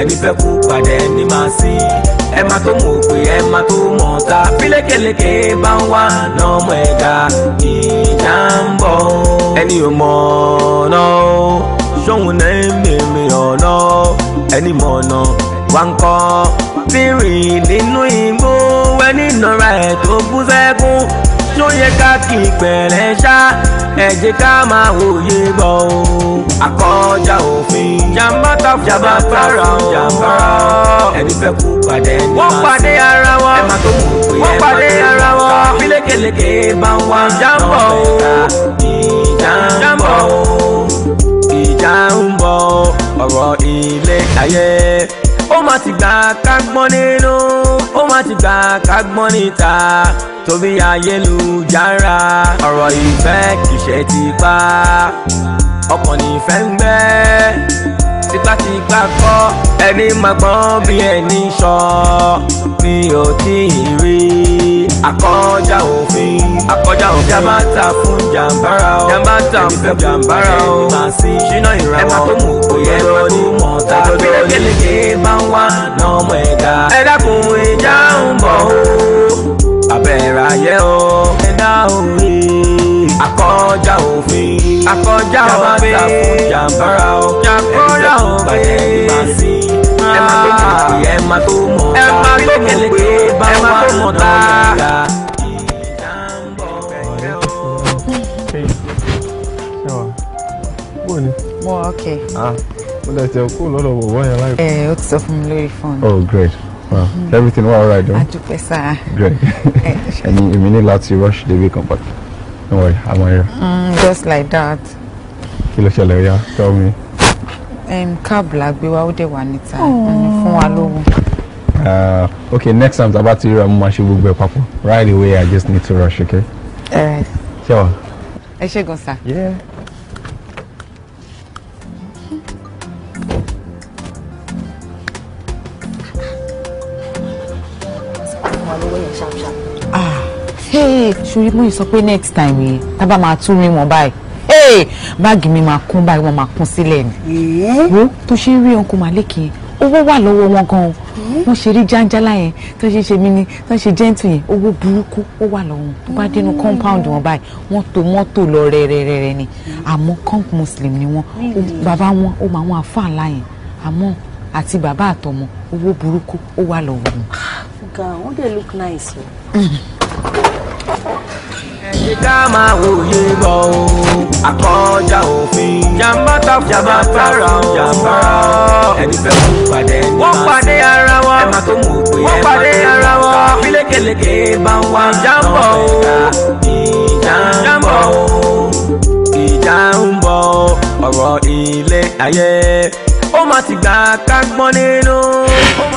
ẹni fẹ́ kú padà ẹni máa sí ẹ má tó mọ̀ pé ẹ má tó mọ̀ ta pílékeleke bá ń wá ná ọmọ ẹ̀dá ìjà ń bọ̀ ẹni ò mọ̀ ọ̀nà sóhun náà mímì ọ̀nà ẹni mọ̀ ọ̀nà wá ń kọ́ bírìn nínú igbó ẹni nọra ẹ̀ tó bú sẹ́kún yẹ ká kí pẹ̀lẹ́ ṣá ẹ ká máa wòye bọ̀ o. àkọjá òfin jàmbá ta fún jàmbá para o jàmbá ẹni fẹ́ kú pàdé ẹni máa sùn. wọ́n pàdé ara wọn ẹ máa tó kù pé ẹ máa tó kù. wọ́n pàdé ara wọn abilékeleke bá ń wá. jàmbọ̀ o jàmbọ̀ o ìjà ń ọ̀rọ̀ ilé ayé má ti gbà ká gbọ́n nínú ó má ti gbà ká gbọ́n níta tóbi ayélujára ọ̀rọ̀ ìfẹ́ kìṣẹ́ ti pa ọkàn nífẹ̀ ń gbẹ́ tipátipá kọ́ ẹni máa gbọ́n bí ẹni sọ mi ò tí ì rí i àkọjá òfin àkọjá òfin jàmbá ta fún jàmbára o jàmbá ta fún jàmbára o ẹni máa sí ṣínà ìrànwọ́ ẹ má tó mú òye ẹ má tó mọ̀ ta pé gẹ́lẹ́gẹ́ bá ń wá lọ́mọ ẹ̀dá ẹ dákun ìjà ń bọ̀ o abẹ́rẹ́ ayé o ẹ̀dá òwe àkọjá òfin àkọjá òfin jàmbá ta fún jàmbára o jàmbá ta fún jàmbára o ẹ máa tó mọ̀ ẹ máa okay. ah mo dẹ̀ tẹ̀ kó lọ́dọ̀ bọ̀bọ̀ yẹn láì. ẹ eh, o ti sọ fún oh great wow ah, everything wa alright though. adúpẹ́ sáà. great ẹni èmi ní láti rush débi kan pàtó no worry i'm here. Mm, just like that. kí ló ṣẹlẹ̀ o tell me cab gbé wa ó dẹ̀ wà níta fún wa lówó. Uh, okay next time tá ti ríra mo máa ṣe gbogbo ẹ̀ papọ̀ right away i just need to rush okay. ṣé wà. ẹ ṣe gan sa. Ah, ṣùgbọ́n mo sọ pé next time yìí tá máa tún rí wọn báyìí báàgì mi máa kún báyìí wọ́n máa kún sílẹ̀ ni. wo tó ṣe rí ọkọ màlẹ́kì yẹn owó wà lọ́wọ́ wọn gan o wọ́n ṣe rí jáńjálá yẹn tó ṣe ṣe mí ni tó ṣe jẹ́ǹtù yẹn owó burúkú ó wà lọ́wọ́ tó bá dénú compound wọn báyìí wọ́n tò mọ́tò lọ rẹ̀rẹ̀rẹ̀ ni àmọ́ comp muslim ni wọ́n bàbá wọn ó máa wọn àfa ńlá yẹn àmọ́ àti bàbá àtọmọ owó burúkú ó wà lọ́wọ́ wọn. ọ̀gá ah, wọn dẹ̀ look nice o. Mm-hmm ká máa wòye bọ̀ o. àkọjá òfin. jàmbá ta fún jàmbá para o. jàmbá ẹni fẹ́ kú pàdé ẹni máa sùn. wọ́n pàdé ara wọn. ẹ máa tó mú pé ẹ máa tó mú. wọ́n pàdé ara wọn. fílékeleke o. ìjà o. ìjà ń bọ̀ ọ̀rọ̀ ilé ayé ó mà ti gbà ká gbọ́n nínú.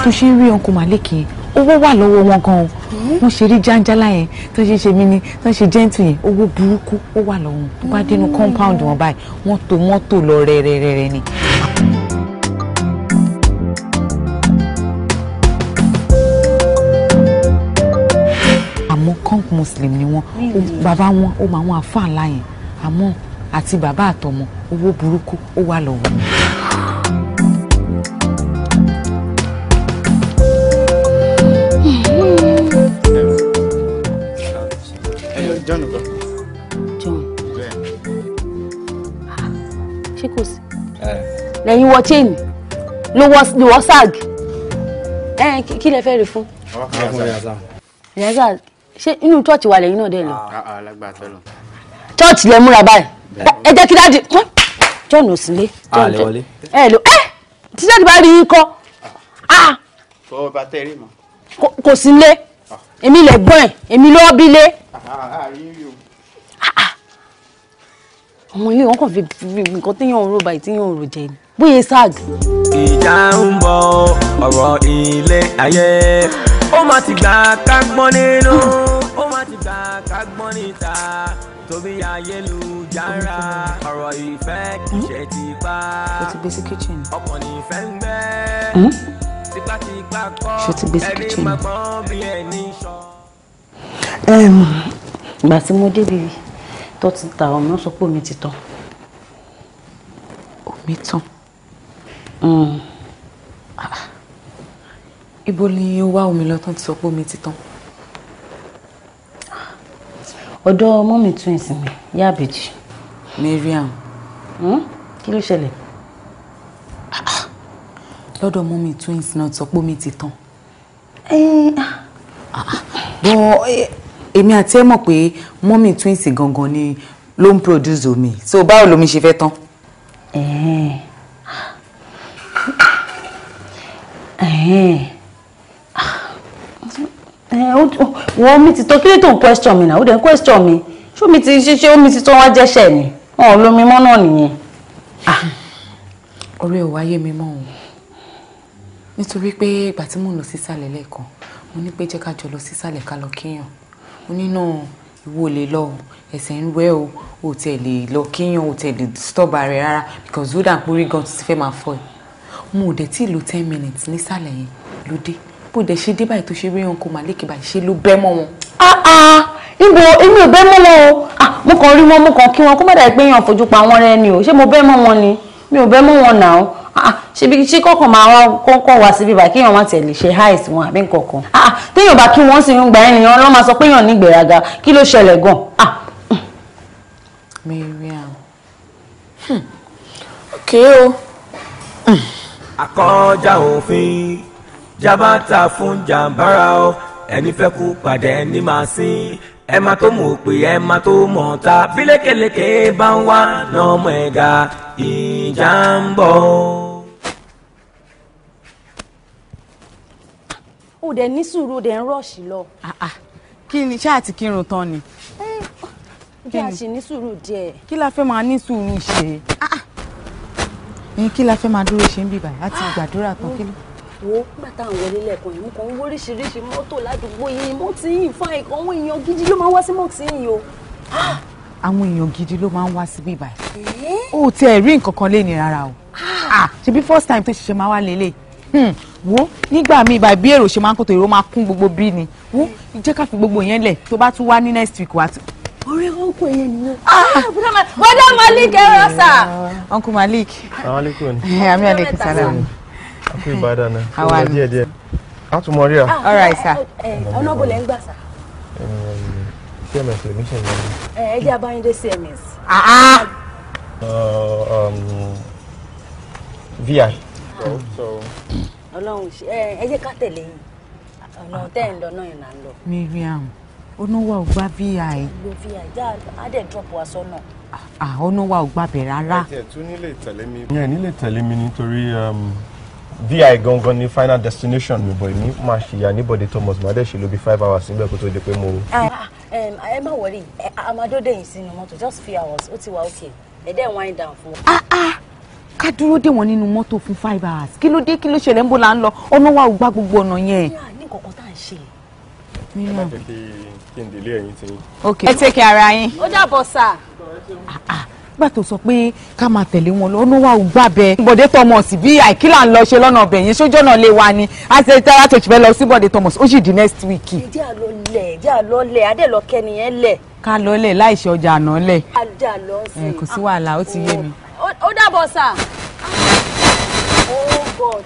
tó ṣe ń rí ọkùnrin màlẹ́kì owó wà lọ́wọ́ wọn gan-an hmm? wọ́n ṣe rí jáńjálá yẹn tó ṣe ṣe mí ni tó ṣe gentle yẹn owó burúkú ó wà lọ́wọ́ tó bá dénú hmm. compound wọn báyìí wọ́n to mọ́tò lọ rẹ́rẹ́rẹ́rẹ́ ni. àmọ́ kong muslim ni wọ́n bàbá wọn ó máa wọn àfáà ńlá yẹn àmọ́ àti bàbá àtọmọ owó burúkú ó wà lọ́wọ́ John lọ. John. Ah, ṣé kò sí. Eh. lẹ́yìn wọ chain ló wọ sag Eh. kí lẹ fẹ́ rí fún. rìhásà ṣé inú church wà Ah náà ah, dẹ̀ lọ. church lẹ múra báyìí ẹ jẹ́ kí dáàdi John ò sílé. ẹ lọ ẹ tí dáàdi bá rí yín kọ́. Ah. fọwọ́ bá tẹ́ rí mọ́. kò sí lé èmi lẹ̀gbọ́n ẹ̀ èmi lọ́ọ́ bí lé. Ah, ah. ọmọ ilé wọn kàn fi nǹkan téèyàn ń rò báyìí téèyàn ń rò jẹ ni bóyá sag. ìjà ń bọ ọ̀rọ̀ ilé ayé ó má ti gbà ká gbọ́n nínú ó má ti gbà ká gbọ́n níta tóbi ayélujára ọ̀rọ̀ ìfẹ́ kìí ṣe ti pa ọkàn ìfẹ́ ń gbẹ́. Hmm? ṣó ti gbé síkìtì ni. ìgbà tí mo débi tó ti ta ọ̀nà sọ pé omi ti tán. omi tán. Hmm. ibo ni o wá omi lọ tán ti sọ pé omi ti tán. ọ̀dọ̀ mọ́mì tún ìsinmi yá àbèjì. Mariam. Hmm? kí ló ṣẹlẹ̀ lọ́dọ̀ mọ́mì twins náà sọ pé omi ti tán eh, ah, ah. bọ́ eh, èmi àti ẹ mọ̀ pé mọ́mì twins gangan ni ló ń produce omi so báwo lomi ṣe fẹ́ tán. Eh, wọ́n mi ti tán kí ló tó ń question mi náà ó dẹ̀ ń question mi ṣé omi ti ṣe ṣé omi ti tán wá jẹ́ṣẹ̀ ni wọn ò lómi mọ́ náà nìyẹn. Ah, ọ̀rẹ́ ò wáyé mi mọ́ òun nítorí pé ìgbà tí mò ń lọ sísàlẹ̀ lẹ́ẹ̀kan mo ní pé jẹ́ ká jọ lọ sísàlẹ̀ ká lọ kíyàn mo ní náà ìwọ lè lọ o ẹsẹ̀ ń wẹ́ o ò tẹ̀ lè lọ kíyàn ò tẹ̀ lè stop ààrẹ rárá because zoda pórí gan ti fẹ́ máa fọ́ ẹ̀ mo ò dẹ̀ tí ì lo ten minutes nísàlẹ̀ yẹn ló dé bó dẹ̀ ṣe dé báyìí tó ṣe rí ọkọ̀ màlíkì báyìí ṣe ló bẹ́ mọ́ wọn. ibo ah, ah! èmi ò bẹ́ mọ́ wọn o ah, mo kàn rí wọn mo kàn kí wọn kó má dà pé èèyàn wọn rẹ ni o ṣé mo bẹ́ mọ́ wọn ni mi ò bẹ́ mọ́ wọn nà ó Ah, ah, ṣebí ṣé kọ̀ọ̀kan máa wá kọ́kọ́ wá síbí báyìí kéèyàn má tẹ̀lé ṣe highest wọn àbí nǹkankan ah, téèyàn bá kí wọ́n sì ń gba ènìyàn lọ́ máa sọ pé èèyàn ní ìgbéraga kí ló ṣẹlẹ̀ gan. Mariam mm. òkè hmm. o. àkọjá hmm. òfin jábàtà fún jàǹbára ẹni fẹ́ kú pàdé ẹni máa sìn ẹ máa tó mọ̀ pé ẹ máa tó mọ̀ ta bí lékeleke bá ń wá lọ́mọ ẹ̀ga ìjà ń bọ̀. ó dẹ̀ ní sùúrù ó dẹ̀ ń rọ̀ṣì lọ. Ah, ah. kí ni ṣáà ti kírun tán ni. bí a ṣe ní sùúrù díẹ̀. kí la fẹ́ máa ní sùúrù ṣe. Ah, kí la fẹ́ máa dúró ṣe ń bíbà á gbàdúrà tán kí ló wo nígbà tá à ń wọlé lẹ́ẹ̀kan yìí mo kàn ń wo oríṣiríṣi mọ́tò ládùúgbò yìí mo ti yìn fún àìkọ́ àwọn èèyàn gidi ló máa ń wá sí mọ́ọ̀tì yìí o. àwọn èèyàn gidi ló máa ń wá síbí báyìí o ò tiẹ̀ rí nǹkan kan léèní rárá o ah! Ah, ṣebí first time tó ṣiṣẹ́ máa wá lélẹ̀ hmm, wo nígbà míì báyìí bí èrò ṣe máa ń kó tó èrò máa kún gbogbo bí ni wo jẹ́ ká fi gbogbo yẹn lẹ̀ tó bá tún wá ní next week wá ọ̀rẹ́ ọkọ yẹn nìyẹn. Ah! bọ́dá malik ẹ̀rọ sà. uncle malik. àwọn eh, ami alekun salaam àpò ìbàdàn náà eh. àwa ni díẹ̀ díẹ̀ a tún mọ ríra. ọ̀rọ̀ àìsà. ọ̀nà bò lẹ́ ń gbà sà. cms lèmi ṣe ń ẹ jẹ́ abáyọ̀dé cms. Ah, ah. uh, um, vi. ọlọ́run ẹ jẹ́ ká tẹ̀lé yìí ọ̀nà tẹ́ ẹ̀ ń lọ náà yìí là ń lọ. miriam onuwa ò gba vi. gbogbo vi já a dẹ̀ drop wa sọ́nà. Ah, onuwa ò gbàbẹ̀ rárá. ẹ jẹ́ tún nílé tẹ̀lé mi. ẹ nílé tẹ̀lé mi nítorí. Um, vi gangan ni final destination mi bọ̀ èmi máa ṣìyà ní Bọ̀dé Thomas màdé ṣe ló bí five hours níbẹ̀ kó tó di pé mo. Ah, ah, ẹ má wọrí amadode yìí sínú mọ́tò just few hours ó ti wà òkè ẹ̀dẹ̀ wind down fún ah, ah ká dúró dé wọn nínú mọ́tò fún five hours kí ló dé kí ló ṣẹlẹ̀ ń bó la ń lọ ọ̀nà wa ò gbá gbogbo ọ̀nà yẹn. ní kọ̀ọ̀kan tá à ń ṣe. ẹ má jẹ́ kí n délé ẹ̀yìn tí. ẹ tẹ́kẹ̀ ara yín. ó dàbọ̀ sà nígbà tó sọ pé ká máa tẹ̀lé wọn lọ ọ̀nà wa ò gbà bẹ́ẹ̀. bọ̀dé Thomas bí àìkílà ń lọ ṣe lọ́nà ọbẹ̀ yẹn sójú ọ̀nà lè wa ni a ṣe tẹ́lá tó fẹ́ lọ sí bọ̀dé Thomas ó sì di next week. ìdí àlọ́lẹ̀ ìdí àlọ́lẹ̀ adélọ́kẹ́ nìyẹn lẹ̀. ká lọ́lẹ̀ láìṣe ọjà àná lẹ̀. kò sí wàhálà ó ti yé mi. ó dàbọ̀ sà. oh God.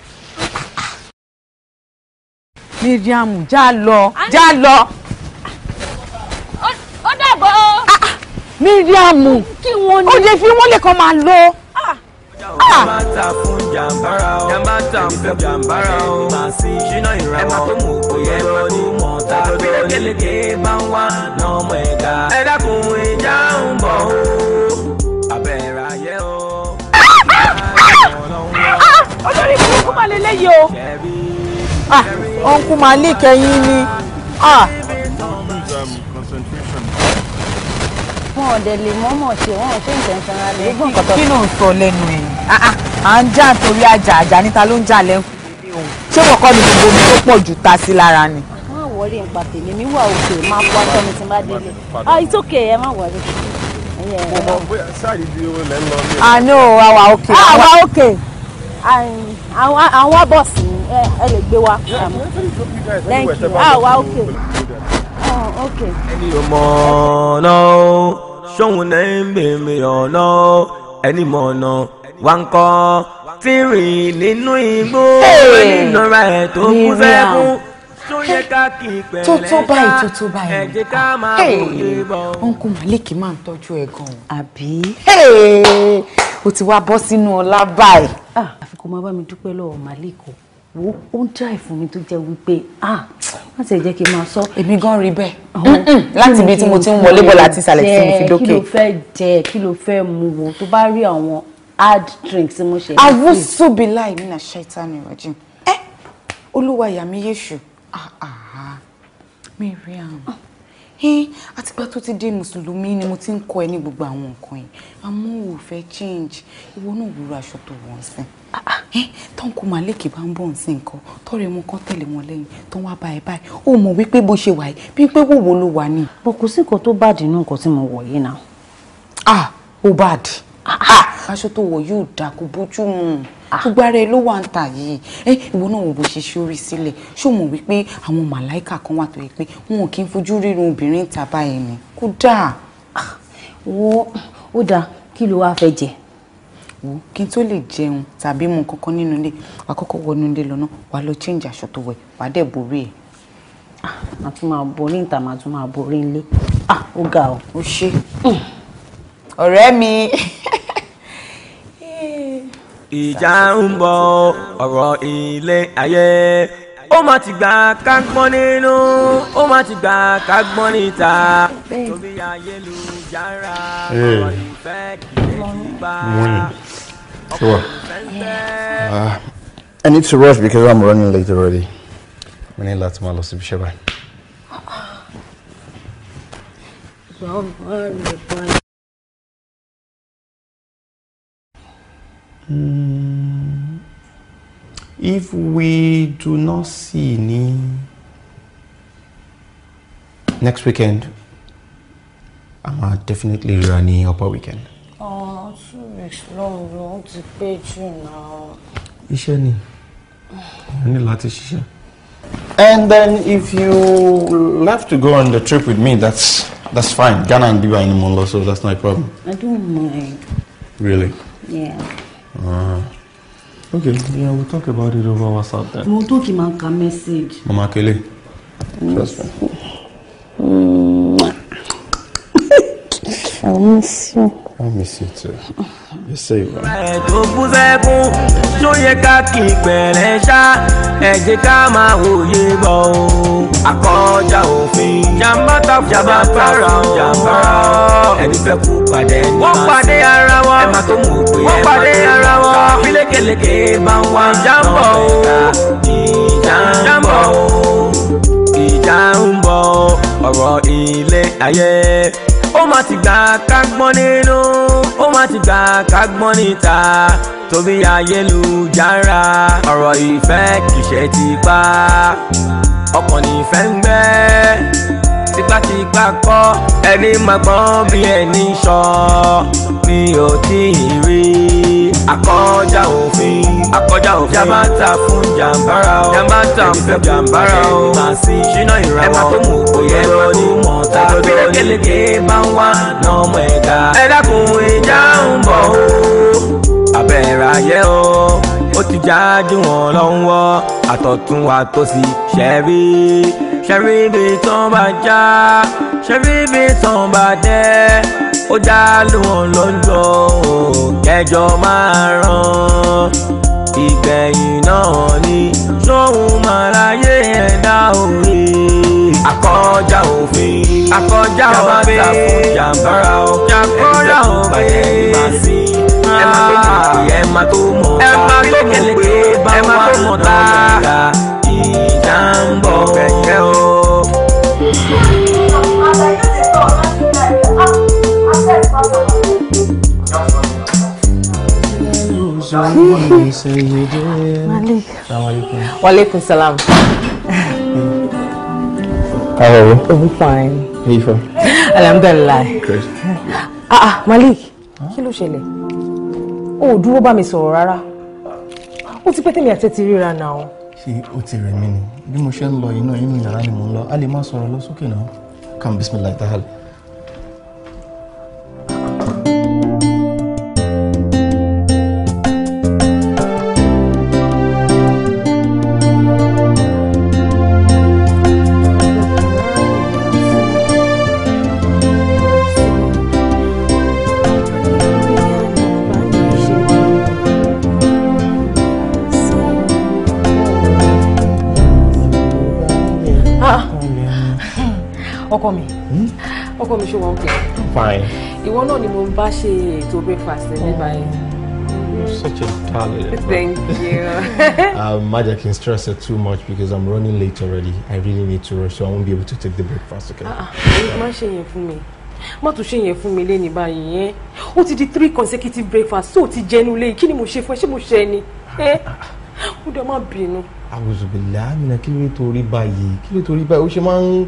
Miriam já lọ já lọ. Miriam ó lè fi wọ́n lè kàn máa lọ. Ah! Ah! Jàmbá ta fún jàmbára o, jàmbá ta fún jàmbára o, ṣínà ìran ẹ̀ tó mú òkú yẹn lọ ní mọ̀ọ́ta lọ́dọ́ kélékè máa ń wá náà ọmọ ẹ̀dá. Ẹ dákun ìjà ń bọ̀ o, abẹ́rẹ́ ayé o. Olórí burúkú máa lè léyìí o. Ọ̀nkú máa lè kẹyìn ni. Ah wọn ò dẹ̀ lè mọ́mọ́ ṣe wọn ò ṣe intentionally gbogbo nǹkan tó. kí ló ń sọ lẹ́nu ẹ̀ ah, ah, à ń jà nítorí àjà àjà níta ló ń jà lẹ́kùn ṣé kọ̀ọ̀kan ni gbogbo omi tó pọ̀ jù ta sí lára ni. má wọrí nípa tèmi mi wà òkè máa fọ aṣọ mi tí n bá délé ah it's okay ẹ má wọrí. àná àwa òkè. àwa ah, òkè àwọn bọ̀sì ẹ lè gbé wa lẹ́yìn àwa òkè. Oh, okay. ẹni ò mọ̀ ọ̀nà o ṣóun náà ń bèèrè ọ̀nà o ẹni mọ̀ ọ̀nà wa ń kọ́ tí rìn nínú igbó nínúra ẹ̀ tó kú fẹ́ mú tó yẹ ká kí pẹ̀lẹ́ ká tó tó báyìí tó tó báyìí ẹ jẹ́ ká máa wòye bọ̀. ọ̀nkú malik máa ń tọ́jú ẹ̀ gan-an. àbí o ti wá bọ́ sínú ọlá báyìí. Ah, àfi máa bá mi dúpẹ́ lọ́wọ́ malik o wo ó ń dráì fún mi tó jẹ́ wípé ah má ṣe jẹ́ kí n máa sọ. èmi gan rí bẹ́ẹ̀ láti ibi tí mo ti ń wọlé bọ̀ láti ìsàlẹ̀ tí mo fi dókè. kí ló fẹ́ jẹ kí ló fẹ́ mu wo tó bá rí àwọn hard drinks tí mo ṣe. awúsùbíláì mi náà ṣẹ́ta ni ìwájú ẹ olúwa ìyá mi yéṣu ah, ah, ah. mi rí àwọn àtìgbà tó ti dé mùsùlùmí ni mo ti ń kọ ẹ ní gbogbo àwọn nǹkan yìí àmọ́ ò fẹ́ change ìwọ náà wúra aṣọ tó wọ̀ nsìn ah, ah. tọ́ǹkù màlẹ́kì bá ń bọ̀ nsìn nǹkan tọ́rẹ̀ wọn kan tẹ̀lé wọn lẹ́yìn tó ń wá báyìí báyìí ó mọ̀ wípé bó ṣe wà yìí bíi pé wòwò ló wà ní. bó kò sí nǹkan tó bá dì nǹkan tí mo wọ̀ yìí náà. ah ó bá dì aṣọ tó wọ̀ yóò dà kó bójú mu. Ah. gbogbo ara ẹ ló wà ń tà yìí ẹ ìwọ náà wò bó ṣe ṣórí sílẹ̀ ṣó mọ̀ wípé àwọn màláìkà kan wà tó yẹ pé wọn ò kí ń fojú rírun obìnrin ń ta báyìí ni kó dáa. Ah, wo ó dáa kí ló wáá fẹ́ jẹ wò kí n tó lè jẹun tàbí mu kankan nínú ilé wà á kọ́kọ́ wọnú ilé lọ́nà wà á lọ change aṣọ tó wẹ̀ wà á dẹ̀ borí ẹ̀. Ah, màá tún máa borí níta màá tún máa borí nílé ó ga ọ. o ṣe ọ̀rẹ́ mi. ìjà ń bọ̀ ọ̀rọ̀ ilé ayé ó mà ti gbà ká gbọ́n nínú ó mà ti gbà ká gbọ́n níta torí ayélujára eh. ọ̀rọ̀ ìfẹ́ kìí kí bá ìfẹ́ ń bẹ́ẹ̀. Ah, I need to rush because I'm running late already. Mo ní láti máa lọ síbi iṣẹ́ báyìí. Hmm. If we do not see ni next weekend, I'm uh, definitely running upper weekend. Oh, two weeks long long to pay you now. Iṣẹ́ ni, mo ní láti And then if you left to go on the trip with me, that's that's fine. Ghana and Biba in Monlo, so that's not a problem. I don't mind. Really? Yeah. Ah. Okay, yeah, we'll talk about it over WhatsApp then. We'll talk him a message. Mama Kele. Trust me. I'll miss you. I'll miss you too. You say what? Ẹ tó kún sẹ́kún yẹ ká kí pẹ̀lẹ́ ṣá ẹ jẹ́ ká máa wòye bọ̀ o. Àkọ́jà òfin jàmbá ta jàmbá para o. Ẹni fẹ́ kú pàdé Wọ́n pàdé ara wọn. Ẹ máa tó mú òpè ẹ máa tó mú òpè. Wọ́n pàdé ara wọn. Bí bá ń wá ìjà ń bọ̀ o. Ìjà o. ọ̀rọ̀ ilé ayé ó mà ti gbà ká gbọ́n nínú ó mà ti gbà ká gbọ́n níta tóbi ayélujára ọ̀rọ̀ ìfẹ́ kìṣẹ́ ti pa ọkàn nífẹ̀ ń gbẹ́ tipátipá kọ́ ẹni máa bí ẹni sọ mi ò tí ì rí i akọjá òfin akọjá òfin jàmbátà fún jàmbára o jàmbátà fún jàmbára o ẹni máa sí ṣínà ìrànwọ́ ẹ̀ma tó mú òye lọ́dún mọ̀ tá a bẹ̀rẹ̀ kélékè bá ń wá ná ọmọ ẹ̀dá ẹ dákun ìjà ń bọ̀ o abẹ́rẹ́ ayé o ó ti jáde wọn lọ́wọ́ àtọ̀tún wa tó sì ṣẹ́rí ṣẹ́rí ibi tán bá já ṣẹ́rí ibi tán bá dẹ́ ó já lóun o kẹjọ máa ràn ìgbẹ̀yìn náà ni sóhun máa ráyè ẹ̀dá òwe. àkọjá òfin àkọjá òfin jàmbá fún jàmbára ọ jàmbára ọ bàjẹ́ ní màá sí ẹ máa tó ẹ máa tó mọ̀ ẹ máa tó kẹlẹ́kẹ́ mọ̀ tá ìjà ń bọ̀ o. Walaikum salam. How are you? I'm fine. How are you from? Alhamdulillah. Great. Ah, ah Malik, kí ló ṣẹlẹ̀? O ò dúró bá mi sọ̀rọ̀ rárá. Ó ti pẹ́ tèmi àti ti ríra náà. Ṣé o ti rẹ̀ mí ni? Bí mo ṣe ń lọ iná inú yàrá ni mò ń lọ, a lè má sọ̀rọ̀ lọ sókè náà. Kàn bísí mi ọkọ mi ṣe wọn kẹ. fine. ìwọ náà ni mo ń bá ṣe ètò breakfast ní oh, báyìí. such a talent. Thank you. um, Má jẹ́ stress it too much because I'm running late already. I really need to rush, so I won't be able to take the breakfast. Okay. Ah, ah má ṣe yẹn fún mi má tún ṣe yẹn fún mi lé ní báyìí yẹn eh? ó ti di three consecutive breakfast tó ti jẹnu lé kí ni mo ṣe fún ẹ ṣé mo ṣe ẹ ni ẹ ó dẹ má bínú. àwùjọ bìlà àmì náà kí ló torí báyìí kí ló torí báyìí ó ṣe máa ń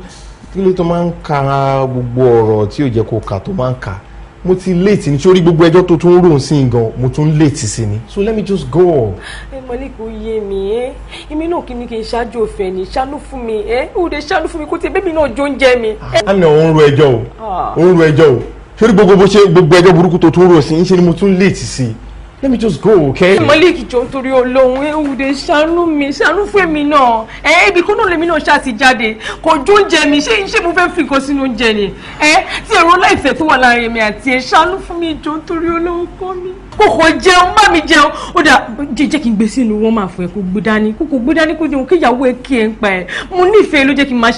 kí ló tó máa ń ka gbogbo ọ̀rọ̀ tí ò jẹ́ kó kà tó máa ń kà mo ti late ní sórí gbogbo ẹjọ́ tó tún rò sí gan mo tún late sí ni so let me just go. ẹ mọ̀lẹ́ yé mi ẹ́ èmi náà kí ni kí n ṣáájú òfin ni ṣáánú fún mi ẹ́ ó ṣáánú fún mi kó tiẹ̀ bébí náà jó ń jẹ mi. Ah, àná òun ro ẹjọ́ o òun ah. ro ẹjọ́ o sórí gbogbo bó ṣe gbogbo ẹjọ́ burúkú tó tún rò sí ń ṣe ni mo tún late sí i let me just go okay. malik jọ nítorí olóhùn ewúde ṣàánú mi ṣàánú fún mi náà ẹ ibi kan náà lèmi náà ṣáà ti jáde kò jó oúnjẹ mi ṣé ṣé mo fẹ́ fi nǹkan sínú oúnjẹ ni ẹ tí èrò láìfẹ́ tó wà láàrin mi àti ẹ ṣàánú fún mi jọ nítorí olóhùn kọ́ mi. kòkò jẹun bá mi jẹun ó dà jẹ́ kí n gbé sínú wọn máa fún ẹ kó gbé dání kó kó gbé dání kó jẹun kíyàwó ẹ kí ẹ ń pa ẹ mo nífẹ̀ẹ́ ló jẹ́ kí n máa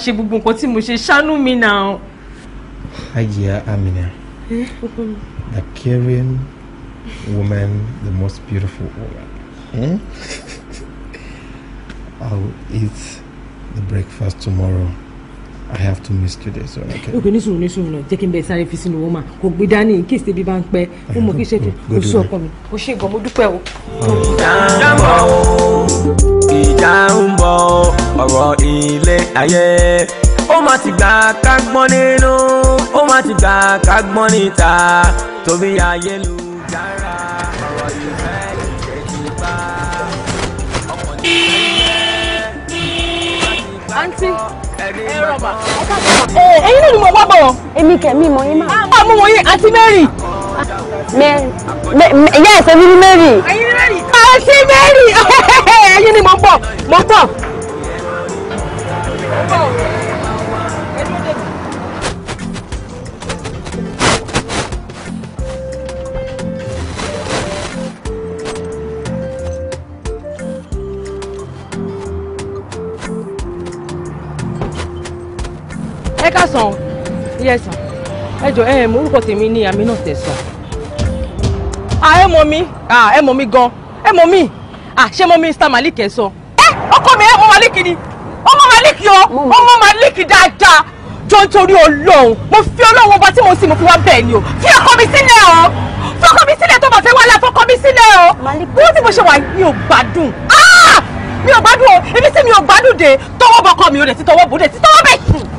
mo ṣe ṣàánú mi náà. ajiya amina. ẹ kókó woman, the most beautiful woman. Hmm? I'll eat the breakfast tomorrow. I have to miss today so I can. Okay, nísìnyí nísìnyí náà jẹ́ kí n bẹ̀rẹ̀ sáré fi sínú owó mà kò gbé dání in case tèbi bá ń pẹ́ ó mọ̀ kí ṣe fi kò sí ọkọ mi kò ṣe gan mo o. ìjà ń bọ̀ ìjà ń bọ̀ ọ̀rọ̀ ilé ayé ó máa ti gbà ká gbọ́n nínú ó máa ti gbà ká gbọ́n níta torí ayélujára dára ọ̀rọ̀ ìfẹ́ ìtẹ̀júgbà ọkàn ní ìfẹ́ àǹtí ẹ rọ̀bà ẹ káàkiri. Eh, ẹyin náà ni mo wá bọ̀. èmi kẹ̀mí mọ ah, yín máa. máa mú wọ̀nyí àǹtí Mary. ìyá ẹ̀sẹ̀ mi ni Mary. àǹtí Mary ẹyin ni mo ń bọ̀ mo tọ̀. ẹ ká sàn yẹ sàn ẹ jọ ẹ orúkọ tèmi ni àmì náà tẹ̀sán ẹ mọ̀ mi ẹ mọ̀ mi gan ẹ mọ̀ mi ṣé mọ̀ mi Mr Malik ẹ sọ. ẹ ọkọ mi ẹ mọ̀ Malik ni ọmọ Malik o ọmọ Malik dáadáa jọ nítorí Ọlọ́run mo fi Ọlọ́run ọba tí mo sì mo fi wá bẹ́ẹ̀ ni o fi ọkọ mi sílẹ̀ o fọkọ mi sílẹ̀ tó bá fẹ́ wá lá fọkọ mi sílẹ̀ o bí tí mo ṣe wà mi ò gbádùn ah! mi ò gbádùn o ebi tí mi ò gbádùn dé tọwọ́ bọkọ mi ò dẹ̀ ti tọwọ́ bò dẹ̀ ti tọwọ́ bẹ́ẹ̀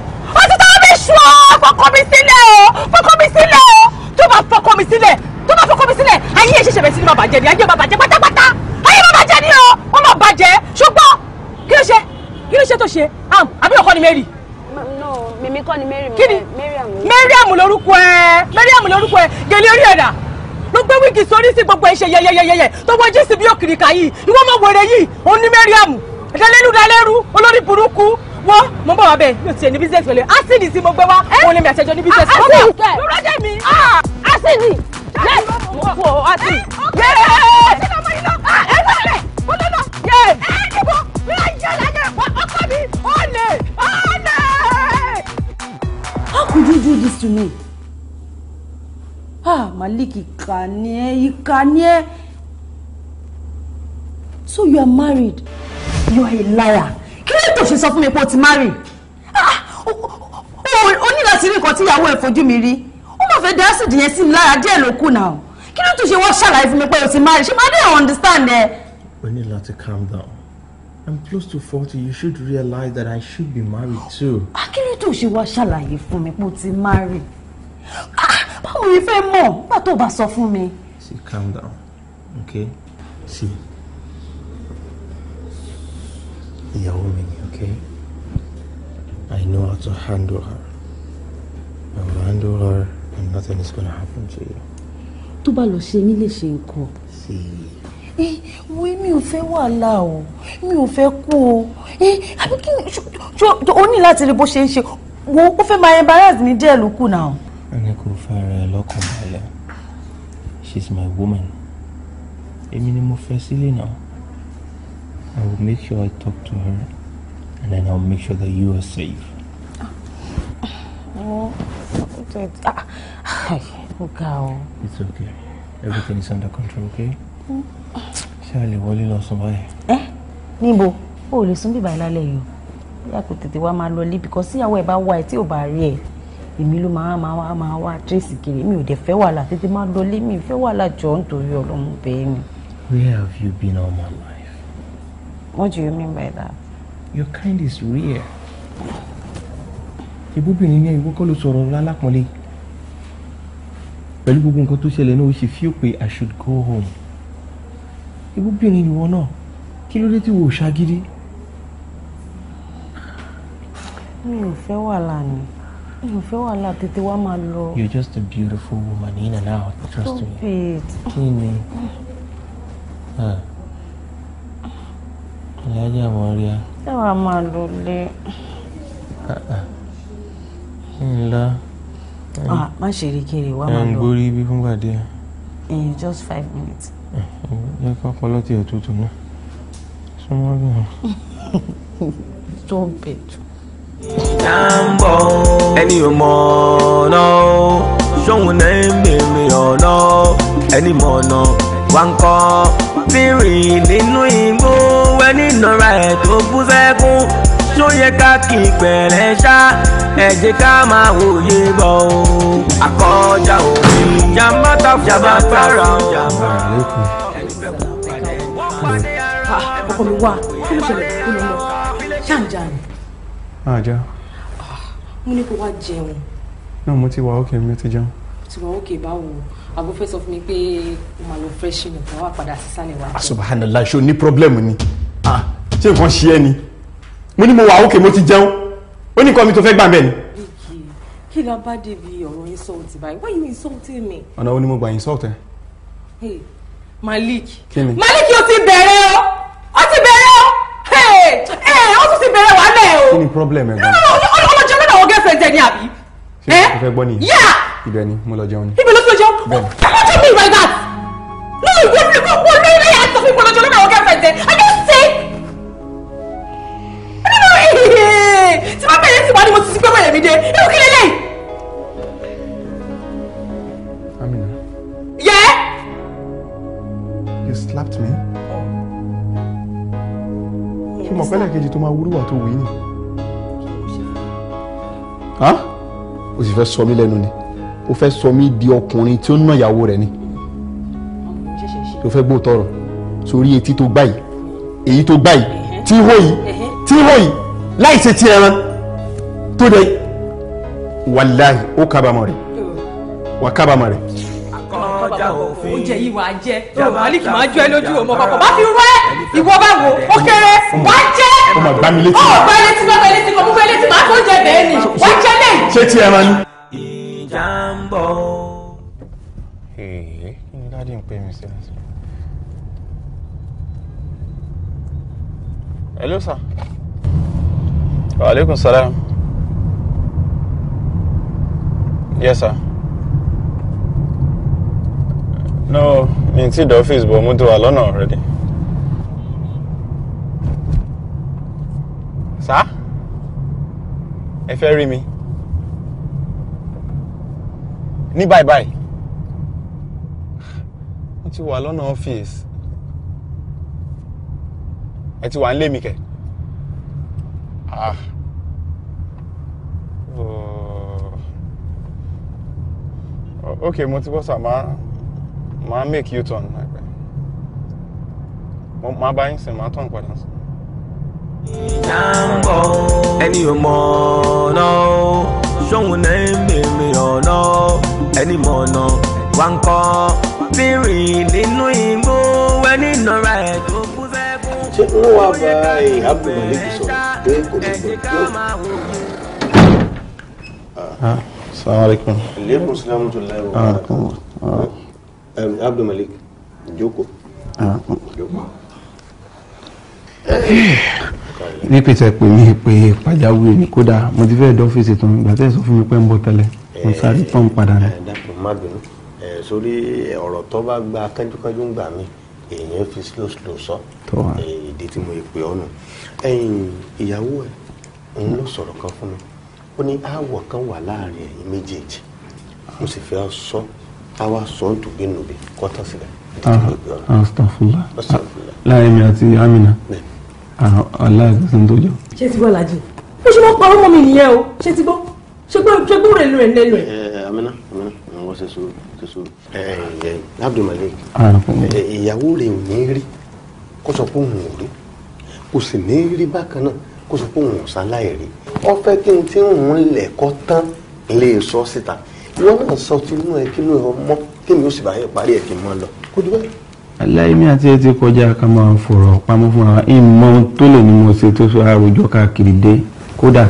ṣú ọ fọkọ mi sílẹ̀ o fọkọ mi sílẹ̀ o tó bá fọkọ mi sílẹ̀ tó bá fọkọ mi sílẹ̀ ayé yẹn ṣẹ̀ṣẹ̀ bẹ sí ni bàbá jẹ ni ayé bàbá jẹ pátápátá ayé bàbá jẹ ni o wọn máa bàjẹ́ ṣùgbọ́n kí ló ṣe kí ló ṣe tó ṣe am àbí ọkọ ni Mary. no mímí kọ́ ni Mary Mariam. Mariam lórúkọ ẹ Mariam lórúkọ ẹ gèlè orí ẹ̀dá ló gbé wíìgì sórí sí gbogbo ẹ̀ṣẹ̀ yẹyẹyẹyẹ tó wọ jíìsì bí òkìrìkà yìí ìwọ́n mọ̀ wẹ̀rẹ̀ yìí òun ní Mariam ẹ̀dálẹ́rú dálẹ́rú olórí burúkú wọ́n mo ń bọ̀ wá bẹ́ẹ̀ mi ò tiẹ̀ ní business pẹ̀lú ásìdì tí mo gbé wá eh? òun lèmi àtẹjọ ní business. ásìdì ah, kẹ ló rọ́jẹ̀ mi. Ah! Ah, ásìdì yẹ mo kú ọ Yes. yẹ ẹ ẹ lọlẹ mo lọ lọ. Yes. ẹ níbo mi ò yẹ lẹ́yẹ ọkọ mi ó lè ó lè. How could you do this to me? Ah, Malik, ìkà ni ẹ́, ìkà ni ẹ́. So you are married. You are a liar kí ló tó ṣe sọ fún mi pé o ti marry ah, o ní láti rí nǹkan tí ìyàwó ẹ̀ fojú mi rí ó máa fẹ́ dá ásìdì yẹn sí mi lára díẹ̀ ló kù náà kí ló tó wọ́n ṣàlàyé fún mi pé o ti marry ṣé máa dé àwọn understand ẹ. o ní láti calm down I'm close to forty you should realize that I should be married too. akérèdò ah, ṣe wá ṣàlàyé fún mi pé o ti marry ah, báwo ni fẹ́ mọ̀ nígbà tó o bá sọ fún mi. see calm down okay see ìyàwó mi ni okay I know how to handle her I will handle her and nothing is gonna happen to you. tó bá lọ ṣe mí lè ṣe nǹkan. Eh, we mi ò fẹ́ wàhálà o mi ò fẹ́ kú o Eh, kí ni o ní láti rí bó ṣe ń ṣe wo ó fẹ́ máa embarrass mi díẹ̀ ló kù náà. ẹni kò fẹ́ ara ẹ she's my woman èmi ni mo fẹ́ sílé náà I will make sure I talk to her and then I'll make sure that you are safe. Oh, it's okay. Everything is under control, okay? Charlie, hmm. wọlé lọ sùn báyìí. Ẹ eh? níbo o ò lè sún bíbá ìlàlẹ̀ yìí o. Ìyá kò tètè wá máa lọ lé bìkọ́ síyàwó ẹ̀ bá wá ẹ̀ tí ò bá rí ẹ̀. Èmi ló máa máa wá máa wá tírèsì kiri mi ò dẹ̀ fẹ́ wàhálà tètè máa lọ lé Where have you been all my life? What do you mean by that? Your kind is rare. Ìbúbìnrin ní ìwọ kọ́ ló soro lálápọ̀nlé. Pẹ̀lú gbogbo nǹkan tó ṣẹlẹ̀ náà, ó ṣe feel pé I should go home. Ìbúbìnrin ìwọ náà, kí ló dé tí wò ó ṣagídí? Mi ò fẹ́ wàhálà ni. Mi ò fẹ́ wàhálà tètè wá máa lọ. You're just a beautiful woman in and out, trust me. Stop it. Kí ni? alájà Maria. ṣé wàá máa lò lé. Ah, ah. ńlá. Ah, má ṣe rí kiri wàá máa lọ. ẹ̀ ń gbórí bí fúngbà díẹ̀. in just five minutes. Eh, jẹ́ ká pọ́lọ́ tiẹ̀ tuntun náà súnmọ́ bí wọn. tó bẹ̀ jù. ẹni ò mọ̀ ọ̀nà ṣóhun náà ń bèrè ọ̀nà ẹni mọ̀ ọ̀nà wá ń kọ́ bírì nínú igbó nínàra ẹ̀ tó bú sẹ́kún tó yẹ ká kí pẹ̀lẹ́ ṣá ẹ jẹ́ ká máa wòye bọ̀ o àkọjá òfin jàmbá ta jàmbá tààrà o. ọkọ mi wá kí ló ṣẹlẹ̀ kí ló lọ ṣáàjà ni. àjà. mo ní kó wá jẹun. náà mo ti wà ókè mi ti jẹun. mo ti wà ókè báwo àbò fẹ́ sọ fún mi pé o máa lọ fresh milk wá padà sí sálẹ̀ wá. Ah, subhanallah ṣó ní problem ni ah ṣé nǹkan ṣe ẹ́ ni mo ní mo wà òkè mo ti jẹun ó ní nǹkan mi tó fẹ́ gbà bẹ́ẹ̀ ni. kí ló bá débi ọ̀rọ̀ insult báyìí why you insulting me. ọ̀nà wo ni mo gbà insult ẹ. Malik Malik o ti bẹ̀rẹ̀ o o ti bẹ̀rẹ̀ o ẹ o tún ti bẹ̀rẹ̀ wà lẹ̀ o. kí ni problem ẹ gan. ọlọ́jọ́ lọ́dọ̀ àwọn girlfriend ẹ ní àbí. ṣé o fẹ́ gbọ́ nìyí. ibẹ̀ ni mo lọ jẹun ni. ibẹ̀ ló ti lọ jẹun. bẹ́ẹ̀ ni. what do you mean by that? no you go go go lórí ẹ̀ sọ fún mi pé ọlọ́jọ́ lọ́dọ̀ àwọn girlfriend ẹ. mi dé irú kí lélẹ̀. Amina. Yeah. You slapped me. ṣé mo pẹ́lẹ́ kejì tó máa wúlúwà tó wí ni. o sì fẹ́ sọ mí lẹ́nu ni o fẹ́ sọ mí di ọkùnrin tí ó ń ná ìyàwó rẹ̀ ni o fẹ́ gbó tọrọ sórí etí tó gbá yìí èyí tó gbá yìí tí hó yìí tí hó yìí láì ṣe ti ẹran tó dẹ wàláhì ó kábàámọ̀ rẹ̀ hmm. wà kábàámọ̀ rẹ̀. oúnjẹ yìí wàá jẹ oh, malik máa jọ ẹ lójú ọmọ kọkọ bá fi rẹ ìwọ bá wò ó kéré wàá jẹ ó máa gbá mi létí ó oh, gbá létí gbá létí kò mú fẹ́ létí máa tó jẹ bẹ́ẹ̀ ni wàá jẹ lẹ́yìn. ṣé tí ẹ máa ní. ìjà ń bọ̀. ẹ̀ẹ́ kí ni dáadé ń pè mí sí lásìkò. hello sir. wa aleykum salaam. yes sir. no mi ti dé ọ́fíìsì bọ̀ mo ti wà already. Sir, ẹ fẹ́ rí mi bye. báyìí báyìí mo ti wà lọ́nà ọ́fíìsì ẹ ti wà ń lé mi kẹ. ah. Oh ok mo ti gbọ́ sà máa máa make you turn láìpẹ́ máa bá yín sìn máa turn padà sí. ẹni ò mọ̀ ọ̀nà ṣóhun náà ń bèèrè ọ̀nà ẹni mọ̀ ọ̀nà wá ń kọ́ bírìn nínú igbó ẹni nọra ẹ̀ tó kú sẹ́kù. ṣé n wá bá ìhábùmọ̀ lẹ́bi sọ̀rọ̀ pé kò ní gbọ́ Assalamu alaikum. Alaikum salaam wa rahmatullahi wa um, Abdul Malik jókòó. ní pété pè mí pé pàjáwìrì ni kódà mo ti fẹ́ẹ́ dọ́fíìsì tó ń gbà tẹ́ sọ fún mi pé ń bọ̀ tẹ́lẹ̀ mo eh, sáré pọ́n padà rẹ̀. Eh, dàpọ̀ má bínú eh, sórí ọ̀rọ̀ tó bá gba kánjúkánjú ń gbà mí èèyàn fi slow slow sọ èdè tí mo pè ọ́ nù ẹ̀yìn ìyàwó ẹ̀ òun ló sọ̀rọ̀ kan fún mi ó ní aáwọ̀ kan wà láàrin ẹ̀yin méjèèjì mo sì fẹ́ sọ táwa sọ ń tùbí nùbí kọ́tà sílẹ̀. Ah, astafula ah, láàrin mi àti amina ah, aláàgbẹ̀sán tó jọ. ṣé ti gbọ́ lajì bó ṣe máa ń parọ́ mọ́ mi nìyẹn o ṣé ti gbọ́ ṣé gbọ́ ṣé gbọ́ rẹ̀ lóore lẹ́nu ẹ̀. Eh, eh, amina amina àwọn ṣe sùúrù ṣe sùúrù. Eh, abdulmalik ìyàwó rẹ̀ ò ní rí kó sọ pé òun ò rí kò sì ní rí bákan náà kó sọ pé òun ò sáláì rí ọ fẹ́ kí n tí òun lẹ̀kọ́ tán lè sọ síta ìwọ náà sọ tinú ẹ kí ló yọ mọ kémi ó sì bá yẹ parí ẹ kí n mọ lọ kó dúró. aláìmí àti ẹ ti kọjá ká máa fọ̀rọ̀ pamọ́ fúnra wa ìmọ̀ tó lè ní mo ṣe tó sọ àròjọ káàkiri dé kódà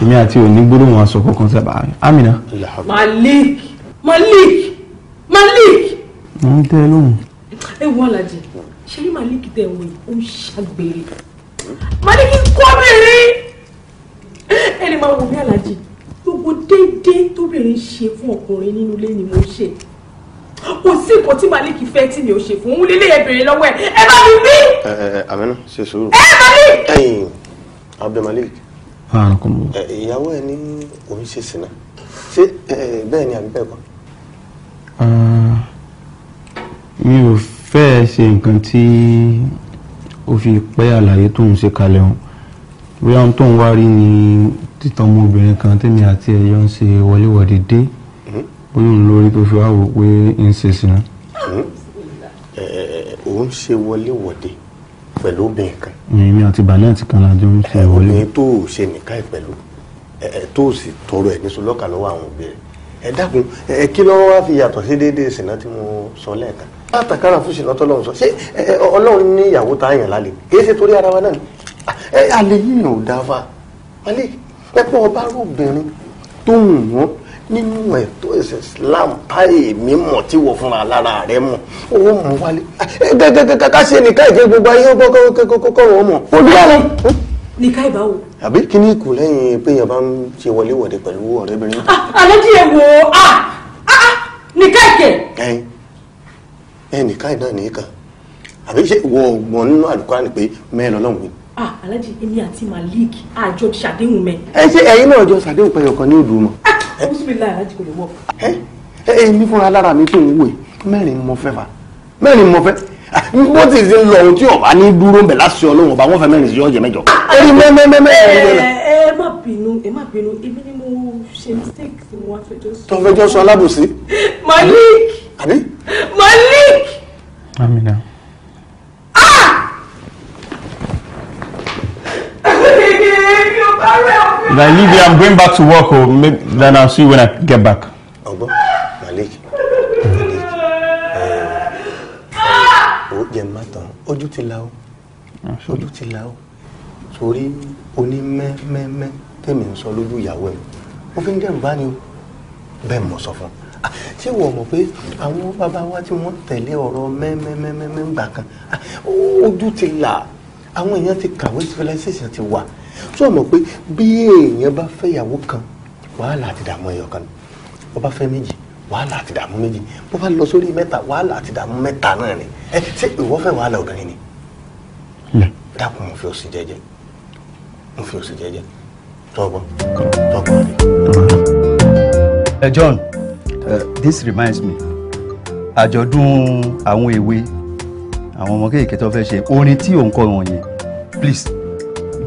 èmi àti òní gbólóhùn aṣọ kankan sábà amina. malik malik malik. mo ń tẹ́ lóhùn. ẹ wọ́n lajì ṣé malik tẹ̀ wọ́n ò ń ṣàgbére kóbìnrin ẹni máa wò mí aláàjì gbogbo déédéé tóbìnrin ṣe fún ọkùnrin nínú ilé ni mo ṣe kò sí nǹkan tí màlíkì fẹ́ tí mi ò ṣe fún un lílé ẹ̀bìnrin lọ́wọ́ ẹ̀ ẹ bá mi bí. ẹ ẹ amẹ́nà ṣe sùúrù. ẹ malik. ẹyin abdulmalik. ìyàwó ẹ ní òun ṣe sìnà ṣé bẹ́ẹ̀ ni àbí bẹ́ẹ̀ kọ́. mi ò fẹ́ ṣe nǹkan tí ó fi pẹ́ àlàyé tó ń ṣe kalẹ̀ hàn bóyá ohun tó ń wá ni títan ọmọbìnrin kan tèmi àti ẹ̀yọ́ ń ṣe wọléwọ̀de dé mm-hmm. bóyá òun lórí tó fi wá wò pé ń ṣe sí náà. Mm-hmm. Eh, eh, eh, òun ṣe wọléwọ̀de pẹ̀lú obìnrin kan. Mm, èmi àti bàálẹ̀ àti kan lájọ ń ṣe wọlé. obìnrin tó ṣe nìkan ẹ̀ pẹ̀lú tó sì tọrọ ẹ̀ níṣu lọ́kà lọ́wọ́ àwọn òbí rẹ̀ ẹ dákun ẹ kí lọ́wọ́ wá fi yàtọ̀ sí déédéé sìnà tí mo sọ lẹ́ẹ̀kan látàkárà fún sìnà tọ́lọ́run sọ ṣé ọlọ́run ní ìyàwó tá a yàn lálẹ́ kì í ṣe torí ara wa náà ẹ alẹ́ yìnyín ò dáfà alẹ́ pẹ́pẹ́ ọba arúgbìnrin tó wù wọ́n nínú ẹ̀tọ́ ẹ̀sẹ̀ Islam táyé mi mọ̀ tí wọ́n fúnra lára rẹ̀ mọ̀ owó mọ̀ wálé gẹ́gẹ́gẹ́ ká ṣe nìkan ìgbé gbogbo ayé kọ́kọ́ wọ́n mọ̀. olùyà lọ nìkan ìbáwò. àbí kí ni ikùn lẹ́yìn pé yẹn bá ń ṣe wọléwọ̀de pẹ̀lú ọ̀rẹ́bìnrin. àlẹ́ ah, díẹ̀ wò ó ah, ah, nìkan ìkẹ́. ẹ nìkan ìdáná nìkan àbí ṣe wọ ọgbọ́n nínú àlùkò àná pé mẹ́rin ọlọ́run ah alhaji èmi àti malik àjọ ṣàdéhùn mẹ. ẹ ṣe ẹ̀yin náà jọ ṣàdéhùn pẹyọ kan ní ìlú mọ. Ah, bísímìlá alhaji kò lè wọ. ẹ ẹ mi fúnra lára mi tó ń wò mẹ́rin mo fẹ́ fa mẹ́rin mo fẹ́ ah, bó ti ṣe lọ ohun tí ọba ní dúró ń bẹ láti Ọlọ́run ọba wọn fẹ́ mẹ́rin sí ọjẹ mẹ́jọ. ẹni ah, mẹmẹmẹmẹ. ẹ ẹ má bínú ẹ má bínú èmi ni mo ṣe mistake tí mo wá fẹjọ́ sùn. tó fẹjọ́ sùn alábòsí. malik. àbí. malik. amina. ah If I leave here, I'm going back to work, or oh. maybe, then I'll see you when I get back. Ọgbọ́n, Malik, Malik, ó jẹ má tán, ojú ti la o, ojú ti la o, torí oní mẹ́mẹ́mẹ́ tèmi ń sọ lójú ìyàwó ẹ̀, ó fi ń dẹ̀rù bá ni o, bẹ́ẹ̀ mọ̀ sọ fún un ah, ṣé wọ́n mọ̀ pé àwọn bàbá wa tí wọ́n tẹ̀lé ọ̀rọ̀ mẹ́mẹ́mẹ́mẹ́ gbà kan ah, ojú ti là àwọn èèyàn ti kàwé civilization ti wà tó mọ̀ pé bí èèyàn bá fẹ́ ìyàwó kan wàhálà àti dààmú ẹyọ kan bó bá fẹ́ méjì wàhálà àti dààmú méjì bó bá lọ sórí mẹ́ta wàhálà àti dààmú mẹ́ta náà ni ẹ ṣé ìwọ fẹ́ wàhálà obìnrin ni. dákun mo fi òsì jẹ́jẹ́ mo fi òsì jẹ́jẹ́ tọgbọn tọgbọn rẹ. ẹ John uh, this reminds me àjọ̀dún àwọn èwe àwọn ọmọ kéèké tó fẹ́ ṣe orin tí òun kọ wọn please